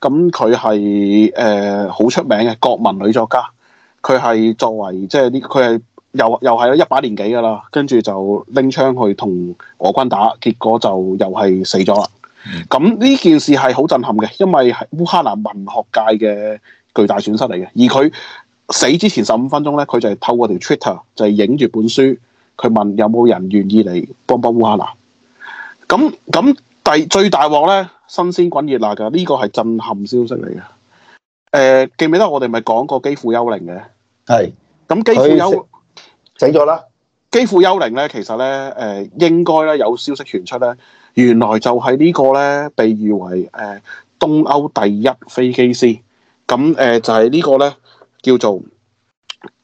咁佢係誒好出名嘅國民女作家，佢係作為即係呢，佢係。又又係一把年紀噶啦，跟住就拎槍去同俄軍打，結果就又係死咗啦。咁、嗯、呢、嗯、件事係好震撼嘅，因為係烏克蘭文學界嘅巨大損失嚟嘅。而佢死之前十五分鐘咧，佢就係透過條 Twitter 就係影住本書，佢問有冇人願意嚟幫幫烏克蘭。咁咁第最大鑊咧，新鮮滾熱辣噶，呢、這個係震撼消息嚟嘅。誒、呃，記唔記得我哋咪講過基輔幽靈嘅？係是。咁基輔幽他死咗啦！基輔幽靈咧，其實咧，誒、呃、應該咧有消息傳出咧，原來就係呢個咧，被譽為誒、呃、東歐第一飛機師，咁誒、呃、就係、是、呢個咧叫做。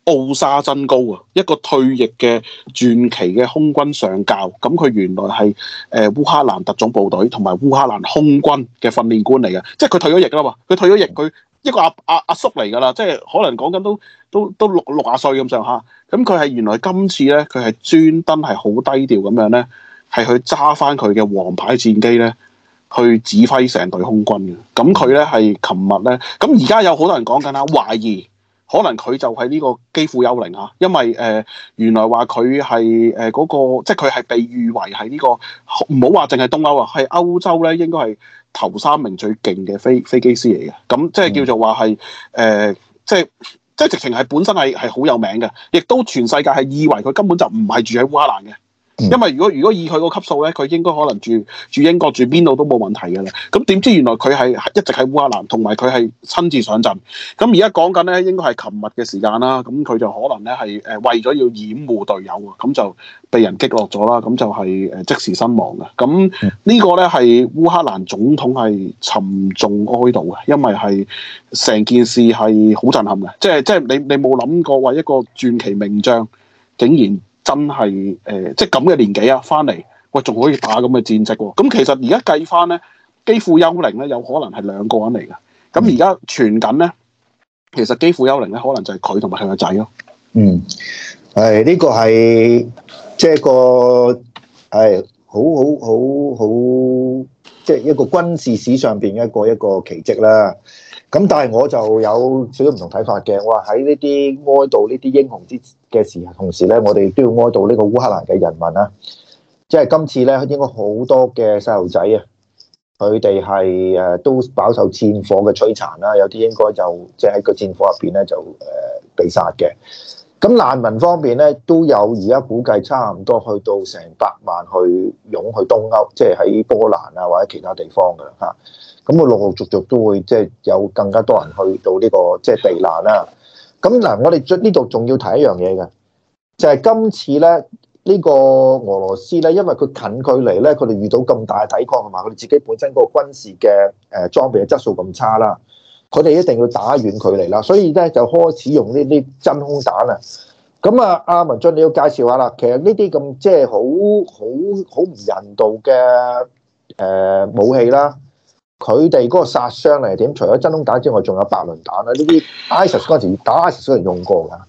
奧沙真高啊，一個退役嘅傳奇嘅空軍上校。咁佢原來係誒、呃、烏克蘭特種部隊同埋烏克蘭空軍嘅訓練官嚟嘅，即係佢退咗役啦嘛，佢退咗役，佢一個阿阿阿叔嚟噶啦，即係可能講緊都都都六六廿歲咁上下，咁佢係原來今次咧，佢係專登係好低調咁樣咧，係去揸翻佢嘅王牌戰機咧，去指揮成隊空軍嘅，咁佢咧係琴日咧，咁而家有好多人講緊啦，懷疑。可能佢就係呢個基輔幽靈啊，因為誒、呃、原來話佢係誒嗰個，即係佢係被譽為係、這個、呢個唔好話淨係東歐啊，係歐洲咧應該係頭三名最勁嘅飛飛機師嚟嘅，咁即係叫做話係誒即係即係直情係本身係係好有名嘅，亦都全世界係以為佢根本就唔係住喺烏克蘭嘅。因為如果如果以佢個級數咧，佢應該可能住住英國住邊度都冇問題嘅啦。咁點知原來佢係一直喺烏克蘭，同埋佢係親自上陣。咁而家講緊咧，應該係琴日嘅時間啦。咁佢就可能咧係誒為咗要掩護隊友啊，咁就被人擊落咗啦。咁就係誒即時身亡嘅。咁呢個咧係烏克蘭總統係沉重哀悼嘅，因為係成件事係好震撼嘅。即係即係你你冇諗過話一個傳奇名將竟然。真係誒、呃，即係咁嘅年紀啊，翻嚟喂仲可以打咁嘅戰績喎、啊！咁其實而家計翻咧，基輔幽靈咧有可能係兩個人嚟嘅。咁而家傳緊咧，其實基輔幽靈咧可能就係佢同埋佢個仔咯。嗯，係、哎、呢、這個係即係個係好好好好，即係、就是、一個軍事史上面一個一個奇蹟啦。咁但係我就有少少唔同睇法嘅。我話喺呢啲哀悼呢啲英雄之嘅事同時咧，我哋都要哀悼呢個烏克蘭嘅人民啊！即係今次咧，應該好多嘅細路仔啊，佢哋係誒都飽受戰火嘅摧殘啦，有啲應該就即係喺個戰火入邊咧就誒、呃、被殺嘅。咁難民方面咧，都有而家估計差唔多去到成百萬去湧去東歐，即係喺波蘭啊或者其他地方㗎嚇。咁我陸陸續續都會即係有更加多人去到呢、呢個即係避難啦、啊。咁嗱，我哋呢度仲要睇一樣嘢嘅，就係今次咧呢個俄羅斯咧，因為佢近距離咧，佢哋遇到咁大抵抗係嘛，佢哋自己本身嗰個軍事嘅誒裝備嘅質素咁差啦，佢哋一定要打遠距離啦，所以咧就開始用呢啲真空彈啦。咁啊，阿文進你要介紹下啦，其實呢啲咁即係好好好唔人道嘅誒武器啦。佢哋嗰個殺傷嚟點？除咗真空彈之外，仲有白磷彈啦。呢啲 ISIS 嗰陣時打 ISIS 都人用過噶。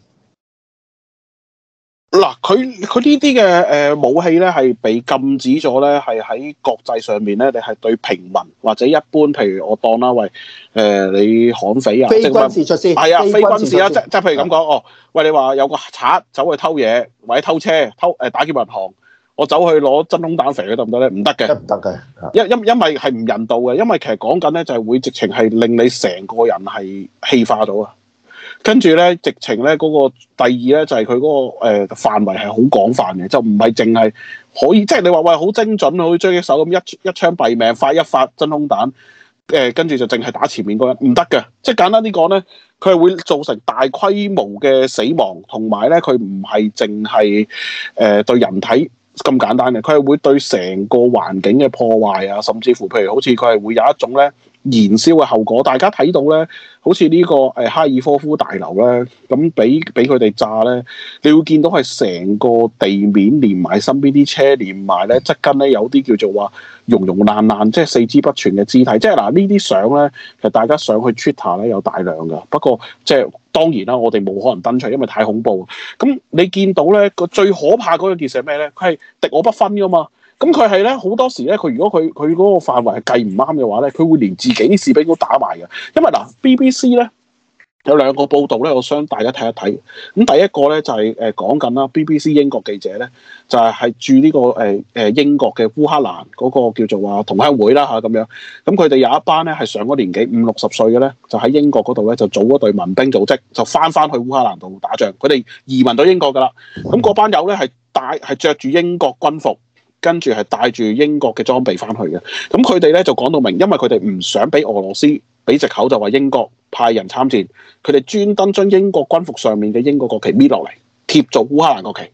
嗱，佢佢呢啲嘅誒武器咧，係被禁止咗咧，係喺國際上面咧，你係對平民或者一般，譬如我當啦喂，誒、呃、你悍匪啊，啊，非軍事出先，係啊，非軍事啦，即即係是、啊、譬如咁講哦，喂你話有個賊走去偷嘢，或者偷車，偷誒打劫銀行。我走去攞真空彈肥，得唔得咧？唔得嘅，唔得嘅，因因因為係唔人道嘅，因為其實講緊咧就係會直情係令你成個人係氣化到啊！跟住咧，直情咧嗰個第二咧就係佢嗰個誒範圍係好廣泛嘅，就唔係淨係可以，即係你話喂，好精準，好似狙擊手咁一一槍斃命發一發真空彈，誒、呃、跟住就淨係打前面嗰人，唔得嘅。即係簡單啲講咧，佢係會造成大規模嘅死亡，同埋咧佢唔係淨係誒對人體。咁簡單嘅，佢係會對成個環境嘅破壞啊，甚至乎譬如好似佢係會有一種呢。燃燒嘅後果，大家睇到咧，好似呢個誒哈爾科夫大樓咧，咁俾俾佢哋炸咧，你會見到係成個地面連埋身邊啲車連埋咧，側跟咧有啲叫做話融融爛爛，即係四肢不全嘅肢體。即係嗱呢啲相咧，其實大家上去 Twitter 咧有大量㗎。不過即係當然啦，我哋冇可能登出，因為太恐怖。咁你見到咧個最可怕嗰件事係咩咧？佢係敵我不分噶嘛。咁佢係咧，好多時咧，佢如果佢佢嗰個範圍係計唔啱嘅話咧，佢會連自己啲士兵都打埋嘅。因為嗱，BBC 咧有兩個報道咧，我想大家睇一睇。咁第一個咧就係、是、誒、呃、講緊啦，BBC 英國記者咧就係係住呢個誒誒、呃、英國嘅烏克蘭嗰個叫做話同鄉會啦嚇咁樣。咁佢哋有一班咧係上咗年紀五六十歲嘅咧，就喺英國嗰度咧就組咗隊民兵組織，就翻翻去烏克蘭度打仗。佢哋移民到英國噶啦，咁、嗯、嗰班友咧係帶係著住英國軍服。跟住係帶住英國嘅裝備翻去嘅，咁佢哋咧就講到明，因為佢哋唔想俾俄羅斯俾藉口，就話英國派人參戰，佢哋專登將英國軍服上面嘅英國國旗搣落嚟貼做烏克蘭國旗。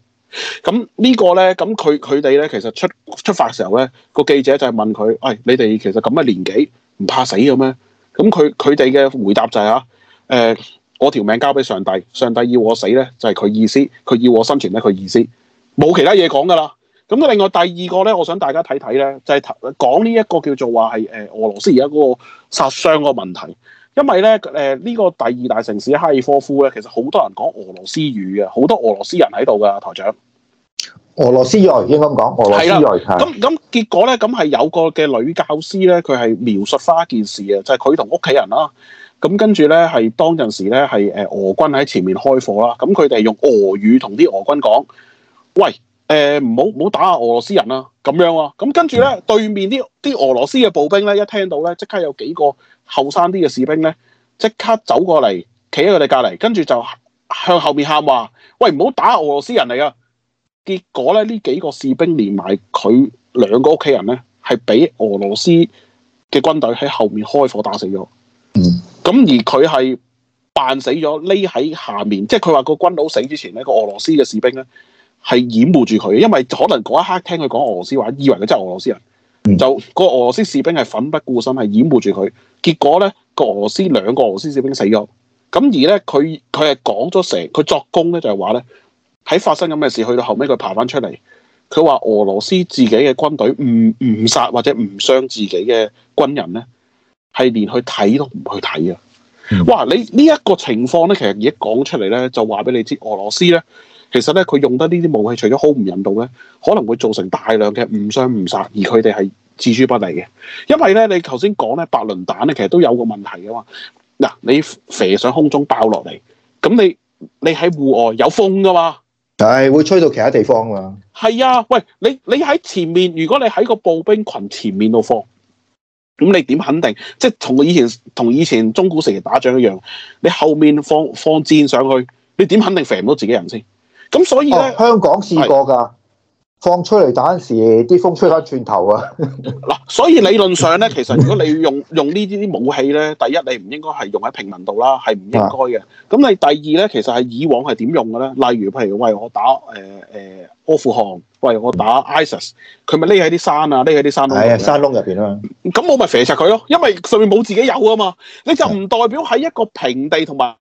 咁呢個咧，咁佢佢哋咧，其實出出發時候咧，個記者就係問佢，喂，哎，你哋其實咁嘅年紀唔怕死嘅咩？咁佢佢哋嘅回答就係，啊，誒，我條命交俾上帝，上帝要我死咧就係佢意思，佢要我生存咧佢意思，冇其他嘢講噶啦。咁另外第二個咧，我想大家睇睇咧，就係、是、講呢一個叫做話係誒俄羅斯而家嗰個殺傷個問題，因為咧誒呢、呃這個第二大城市哈爾科夫咧，其實好多人講俄羅斯語嘅，好多俄羅斯人喺度㗎。台長俄羅斯。俄羅斯語應該咁講，俄羅斯語。咁咁結果咧，咁係有個嘅女教師咧，佢係描述返一件事、就是、啊，就係佢同屋企人啦。咁跟住咧，係當陣時咧，係誒俄軍喺前面開火啦。咁佢哋用俄語同啲俄軍講，喂，誒，唔好唔好打下俄羅斯人啊，咁樣啊，咁跟住咧，對面啲啲俄羅斯嘅步兵咧，一聽到咧，即刻有幾個後生啲嘅士兵咧，即刻走過嚟，企喺佢哋隔籬，跟住就向後面喊話：喂，唔好打俄羅斯人嚟啊！結果咧，呢幾個士兵連埋佢兩個屋企人咧，係俾俄羅斯嘅軍隊喺後面開火打死咗。嗯，咁而佢係扮死咗，匿喺下面，即係佢話個軍佬死之前咧，個俄羅斯嘅士兵咧。係掩護住佢，因為可能嗰一刻聽佢講俄羅斯話，以為佢真係俄羅斯人，嗯、就、那個俄羅斯士兵係奮不顧身，係掩護住佢。結果咧，個俄羅斯兩個俄羅斯士兵死咗。咁而咧，佢佢係講咗成，佢作供咧就係話咧，喺發生咁嘅事，去到後尾，佢爬翻出嚟，佢話俄羅斯自己嘅軍隊唔誤殺或者誤傷自己嘅軍人咧，係連去睇都唔去睇啊！嗯、哇！你呢一、這個情況咧，其實而家講出嚟咧，就話俾你知俄羅斯咧。其實咧，佢用得呢啲武器，除咗好唔人道咧，可能會造成大量嘅誤傷誤殺，而佢哋係置之不理嘅。因為咧，你頭先講咧，白磷彈咧，其實都有個問題嘅嘛。嗱，你射上空中爆落嚟，咁你你喺戶外有風噶嘛？係、哎、會吹到其他地方嘛？係啊，喂，你你喺前面，如果你喺個步兵群前面度放，咁你點肯定？即係同以前同以前中古時期打仗一樣，你後面放放箭上去，你點肯定肥唔到自己人先？咁所以咧、哦，香港試過噶，是放出嚟打陣時，啲風吹甩轉頭啊！嗱， 所以理論上咧，其實如果你用用呢啲啲武器咧，第一你唔應該係用喺平民度啦，係唔應該嘅。咁你是、啊、第二咧，其實係以往係點用嘅咧？例如譬如喂我打誒誒阿富汗，喂我打 ISIS，佢咪匿喺啲山啊，匿喺啲山窿。係啊，山窿入邊啊。咁我咪射殺佢咯，因為上面冇自己友啊嘛。你就唔代表喺一個平地同埋。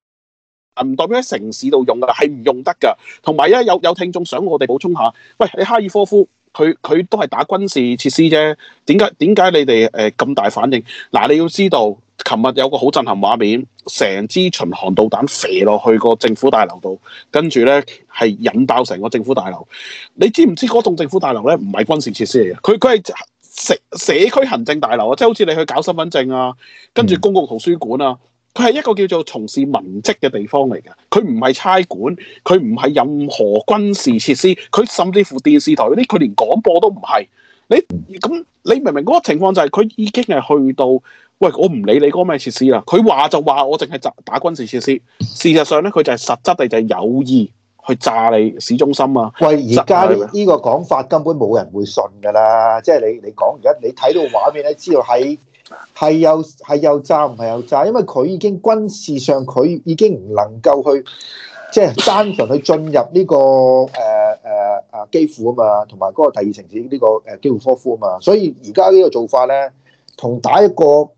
唔代表喺城市度用噶，係唔用得噶。同埋咧，有有聽眾想我哋補充下，喂，你哈爾科夫佢佢都係打軍事設施啫。點解點解你哋誒咁大反應？嗱，啊，你要知道，琴日有個好震撼畫面，成支巡航導彈射落去個政府大樓度，跟住咧係引爆成個政府大樓。你知唔知嗰棟政府大樓咧唔係軍事設施嚟嘅？佢佢係社社區行政大樓啊，即係好似你去搞身份證啊，跟住公共圖書館啊。嗯佢係一個叫做從事文職嘅地方嚟嘅，佢唔係差館，佢唔係任何軍事設施，佢甚至乎電視台啲，佢連廣播都唔係。你咁你明唔明嗰個情況就係佢已經係去到，喂，我唔理你嗰咩設施啦，佢話就話我淨係集打軍事設施。事實上咧，佢就係實質地就係有意去炸你市中心啊！喂，而家呢呢個講法根本冇人會信噶啦，即係你你講而家你睇到畫面咧，知道喺。係又係又炸唔係又炸，因為佢已經軍事上佢已經唔能夠去即係、就是、單純去進入呢、這個誒誒誒基輔啊嘛，同埋嗰個第二城市呢、這個誒、呃、基輔科夫啊嘛，所以而家呢個做法咧，同打一個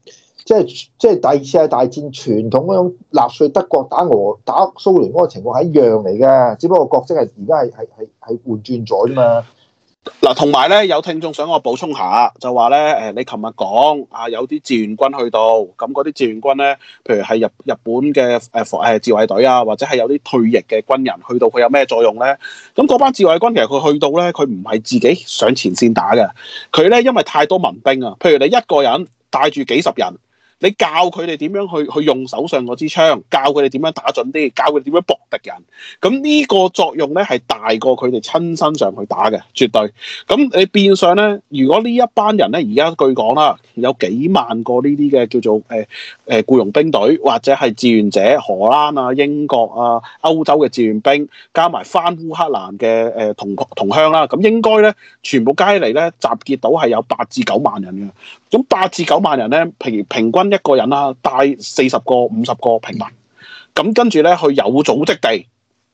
即係即係第二次大戰傳統嗰種納粹德國打俄打蘇聯嗰個情況係一樣嚟嘅，只不過角色係而家係係係係換轉咗啫嘛。嗯嗱，同埋咧，有聽眾想我補充下，就話咧，誒，你琴日講啊，有啲志願軍去到，咁嗰啲志願軍咧，譬如係日日本嘅誒誒，自衛隊啊，或者係有啲退役嘅軍人去到，佢有咩作用咧？咁嗰班自衛軍其實佢去到咧，佢唔係自己上前線打嘅，佢咧因為太多民兵啊，譬如你一個人帶住幾十人。你教佢哋點樣去去用手上嗰支槍，教佢哋點樣打準啲，教佢點樣搏敵人。咁呢個作用咧係大過佢哋親身上去打嘅，絕對，咁你變相咧，如果呢一班人咧而家據講啦，有幾萬個呢啲嘅叫做誒誒僱傭兵隊或者係志願者，荷蘭啊、英國啊、歐洲嘅志願兵，加埋翻烏克蘭嘅誒同同鄉啦、啊。咁應該咧全部加起嚟咧，集結到係有八至九萬人嘅。咁八至九萬人咧，平平均。一個人啦、啊，帶四十個、五十個平民，咁跟住咧，去有組織地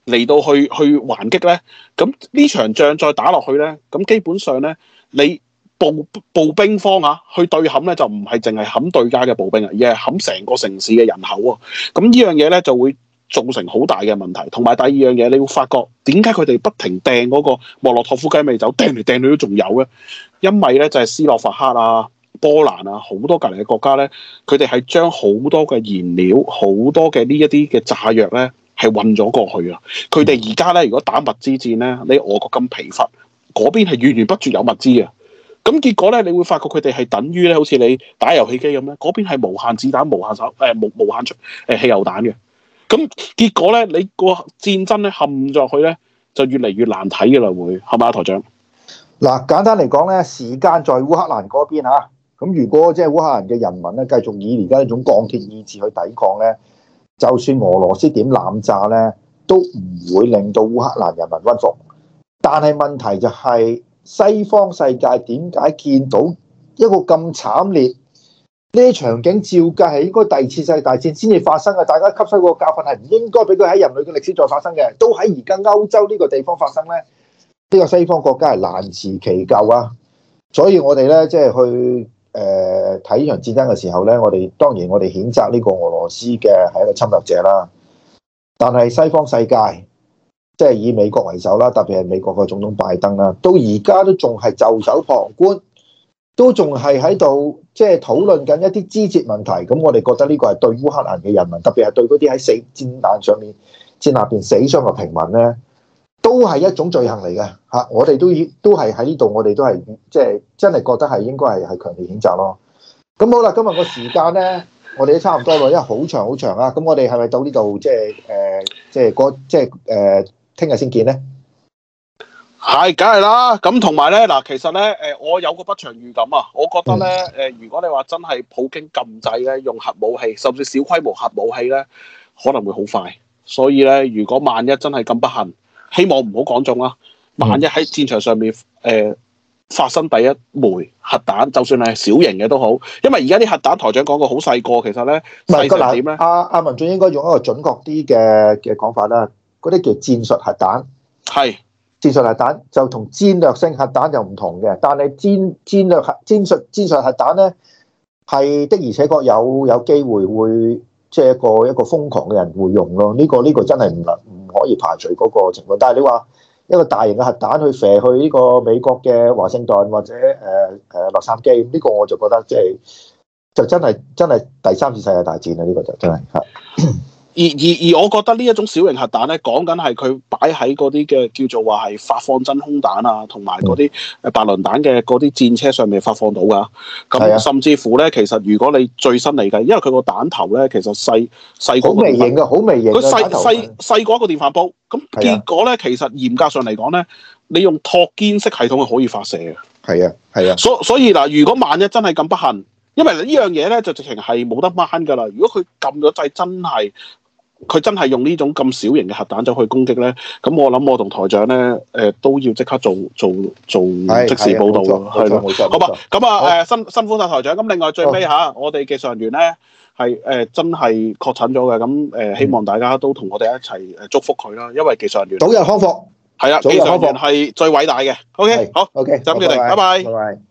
嚟到去去還擊咧。咁呢場仗再打落去咧，咁基本上咧，你步步兵方啊，去對冚咧就唔係淨係冚對家嘅步兵啊，而係冚成個城市嘅人口啊。咁呢樣嘢，咧就會造成好大嘅問題。同埋第二樣嘢，你會發覺點解佢哋不停掟嗰個莫洛托夫雞尾酒掟嚟掟去都仲有嘅？因為咧就係、是、斯洛伐克啊。波蘭啊，好多隔籬嘅國家咧，佢哋係將好多嘅燃料、好多嘅呢一啲嘅炸藥咧，係運咗過去啊。佢哋而家咧，如果打物資戰咧，你俄國咁疲乏，嗰邊係源源不絕有物資啊。咁結果咧，你會發覺佢哋係等於咧，好似你打遊戲機咁咧，嗰邊係無限子彈、無限手誒無,無限出誒汽油彈嘅。咁結果咧，你個戰爭咧陷咗去咧，就越嚟越難睇嘅啦，會係嘛台長？嗱，簡單嚟講咧，時間在烏克蘭嗰邊啊。咁如果即係烏克蘭嘅人民咧，繼續以而家呢種鋼鐵意志去抵抗咧，就算俄羅斯點濫炸咧，都唔會令到烏克蘭人民屈服。但係問題就係、是、西方世界點解見到一個咁慘烈呢啲場景，照計係應該第二次世界大戰先至發生嘅。大家吸收個教訓係唔應該俾佢喺人類嘅歷史再發生嘅，都喺而家歐洲呢個地方發生咧，呢、呢個西方國家係難辭其咎啊！所以我哋咧即係去。誒睇呢場戰爭嘅時候呢，我哋當然我哋譴責呢個俄羅斯嘅係一個侵略者啦。但係西方世界，即係以美國為首啦，特別係美國嘅總統拜登啦，到而家都仲係袖手旁觀，都仲係喺度即係討論緊一啲枝節問題。咁我哋覺得呢個係對烏克蘭嘅人民，特別係對嗰啲喺死戰彈上面戰下邊死傷嘅平民呢。都係一種罪行嚟嘅嚇，我哋都已都係喺呢度，我哋都係即係真係覺得係應該係係強烈譴責咯。咁好啦，今日個時間咧，我哋都差唔多咯，因為好長好長啊。咁我哋係咪到呢度即係誒，即係嗰即係誒，聽日先見咧？係，梗係啦。咁同埋咧，嗱，其實咧，誒，我有個不祥預感啊。我覺得咧，誒，如果你話真係普京禁制咧，用核武器，甚至小規模核武器咧，可能會好快。所以咧，如果萬一真係咁不幸，希望唔好講中啊！萬一喺戰場上面誒、呃、發生第一枚核彈，就算係小型嘅都好，因為而家啲核彈台長講過好細個，其實咧、嗯、細成點咧？阿阿、啊啊、文進應該用一個準確啲嘅嘅講法啦，嗰啲叫戰術核彈，係是戰術核彈就同戰略性核彈就唔同嘅，但係戰戰略核戰術戰術核彈咧係的而且確有有機會會。即係一個一個瘋狂嘅人會用咯，呢、這個呢、這個真係唔能唔可以排除嗰個情況。但係你話一個大型嘅核彈去射去呢個美國嘅華盛頓或者誒誒、呃、洛杉磯，呢、這個我就覺得即、就、係、是、就真係真係第三次世界大戰啦！呢、這個就真係嚇。 而而而我覺得呢一種小型核彈咧，講緊係佢擺喺嗰啲嘅叫做話係發放真空彈啊，同埋嗰啲誒白磷彈嘅嗰啲戰車上面發放到㗎。咁、啊、甚至乎咧，其實如果你最新嚟計，因為佢個彈頭咧其實細細個好微型㗎，好微型。佢細細細過一個電飯煲。咁、啊、結果咧，其實嚴格上嚟講咧，你用托肩式系統係可以發射嘅。係啊，係啊。所所以嗱，如果萬一真係咁不幸，因為呢樣嘢咧就直情係冇得掹㗎啦。如果佢撳咗掣，真係佢真係用呢種咁小型嘅核彈就去攻擊咧，咁我諗我同台長咧，誒都要即刻做做做即時報道咯，係咯，咁啊，咁啊，誒辛辛苦晒台長，咁另外最尾吓，我哋技術人員咧係誒真係確診咗嘅，咁誒希望大家都同我哋一齊誒祝福佢啦，因為技術人員早日康復，係啊，技術人員係最偉大嘅，OK，好，OK，就咁決定，拜拜。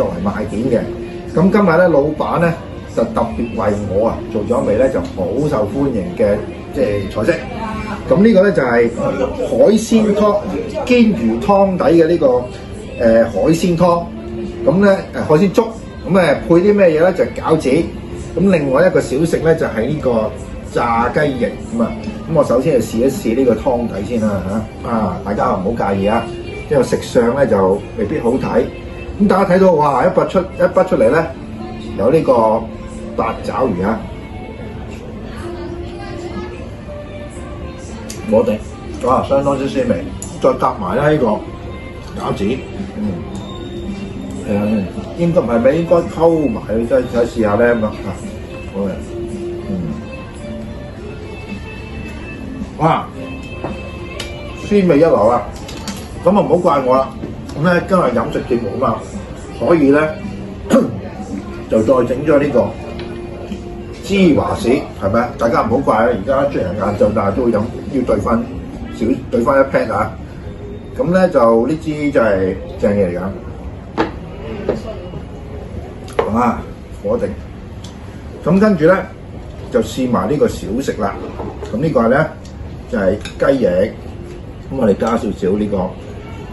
作為賣點嘅，咁今日咧，老闆咧就特別為我啊做咗味咧就好受歡迎嘅即係菜式。咁、嗯、呢個咧就係海鮮湯，煎魚湯底嘅呢個誒海鮮湯。咁咧誒海鮮粥，咁誒配啲咩嘢咧？就係餃子。咁另外一個小食咧就係呢個炸雞翼。咁啊，咁我首先就試一試呢個湯底先啦吓。啊，大家唔好介意啊，因為食相咧就未必好睇。大家睇到哇，一筆出來一筆出嚟咧，有呢個八爪魚啊，我哋相當之鮮味，再夾埋咧呢個餃子，嗯，係啊，應該唔係咩？應該溝埋，再試下呢。咁啊，好啊，嗯，哇，鮮味一流啊，咁啊唔好怪我啦。咁咧今日飲食節目啊嘛，可以咧 就再整咗呢個芝華士，係咪啊？大家唔好怪啊！而家出人晏晝，但係都要飲，要兌翻少兌翻一 pack 啊！咁咧就呢支就係正嘢嚟㗎，係嘛？火定。咁跟住咧就試埋呢個小食啦。咁呢個咧就係雞翼，咁我哋加少少呢個。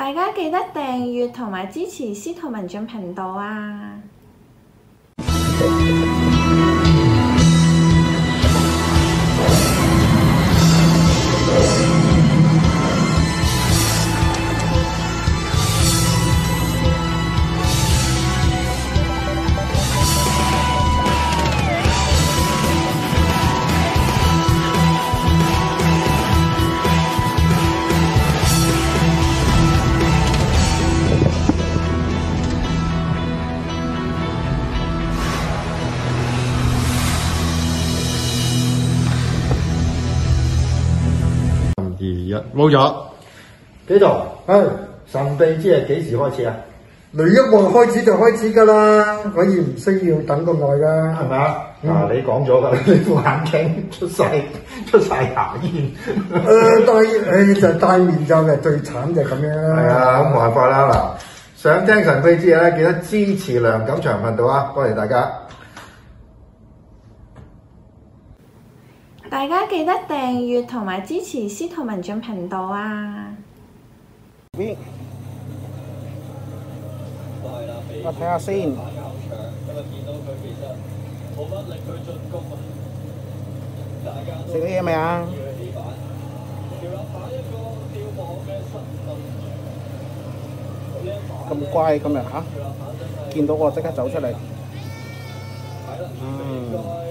大家記得訂閱同埋支持司徒文進頻道啊！冇咗，沒幾多度？哎，神秘之夜幾時開始啊？雷一望開始就開始噶啦，我亦唔需要等咁耐噶，係咪、嗯、啊？你講咗、嗯、你副眼鏡出晒出晒牙煙，誒、 呃，戴、哎、就戴、是、面罩的最慘就最慘就咁樣啦。係啊，咁冇辦法啦嗱，想聽神秘之夜咧，記得支持梁錦祥頻道啊，多謝大家。大家記得訂閱同埋支持司徒文進頻道啊！我睇下先。食咗嘢未啊？咁乖咁樣吓，見到我即刻走出嚟。嗯。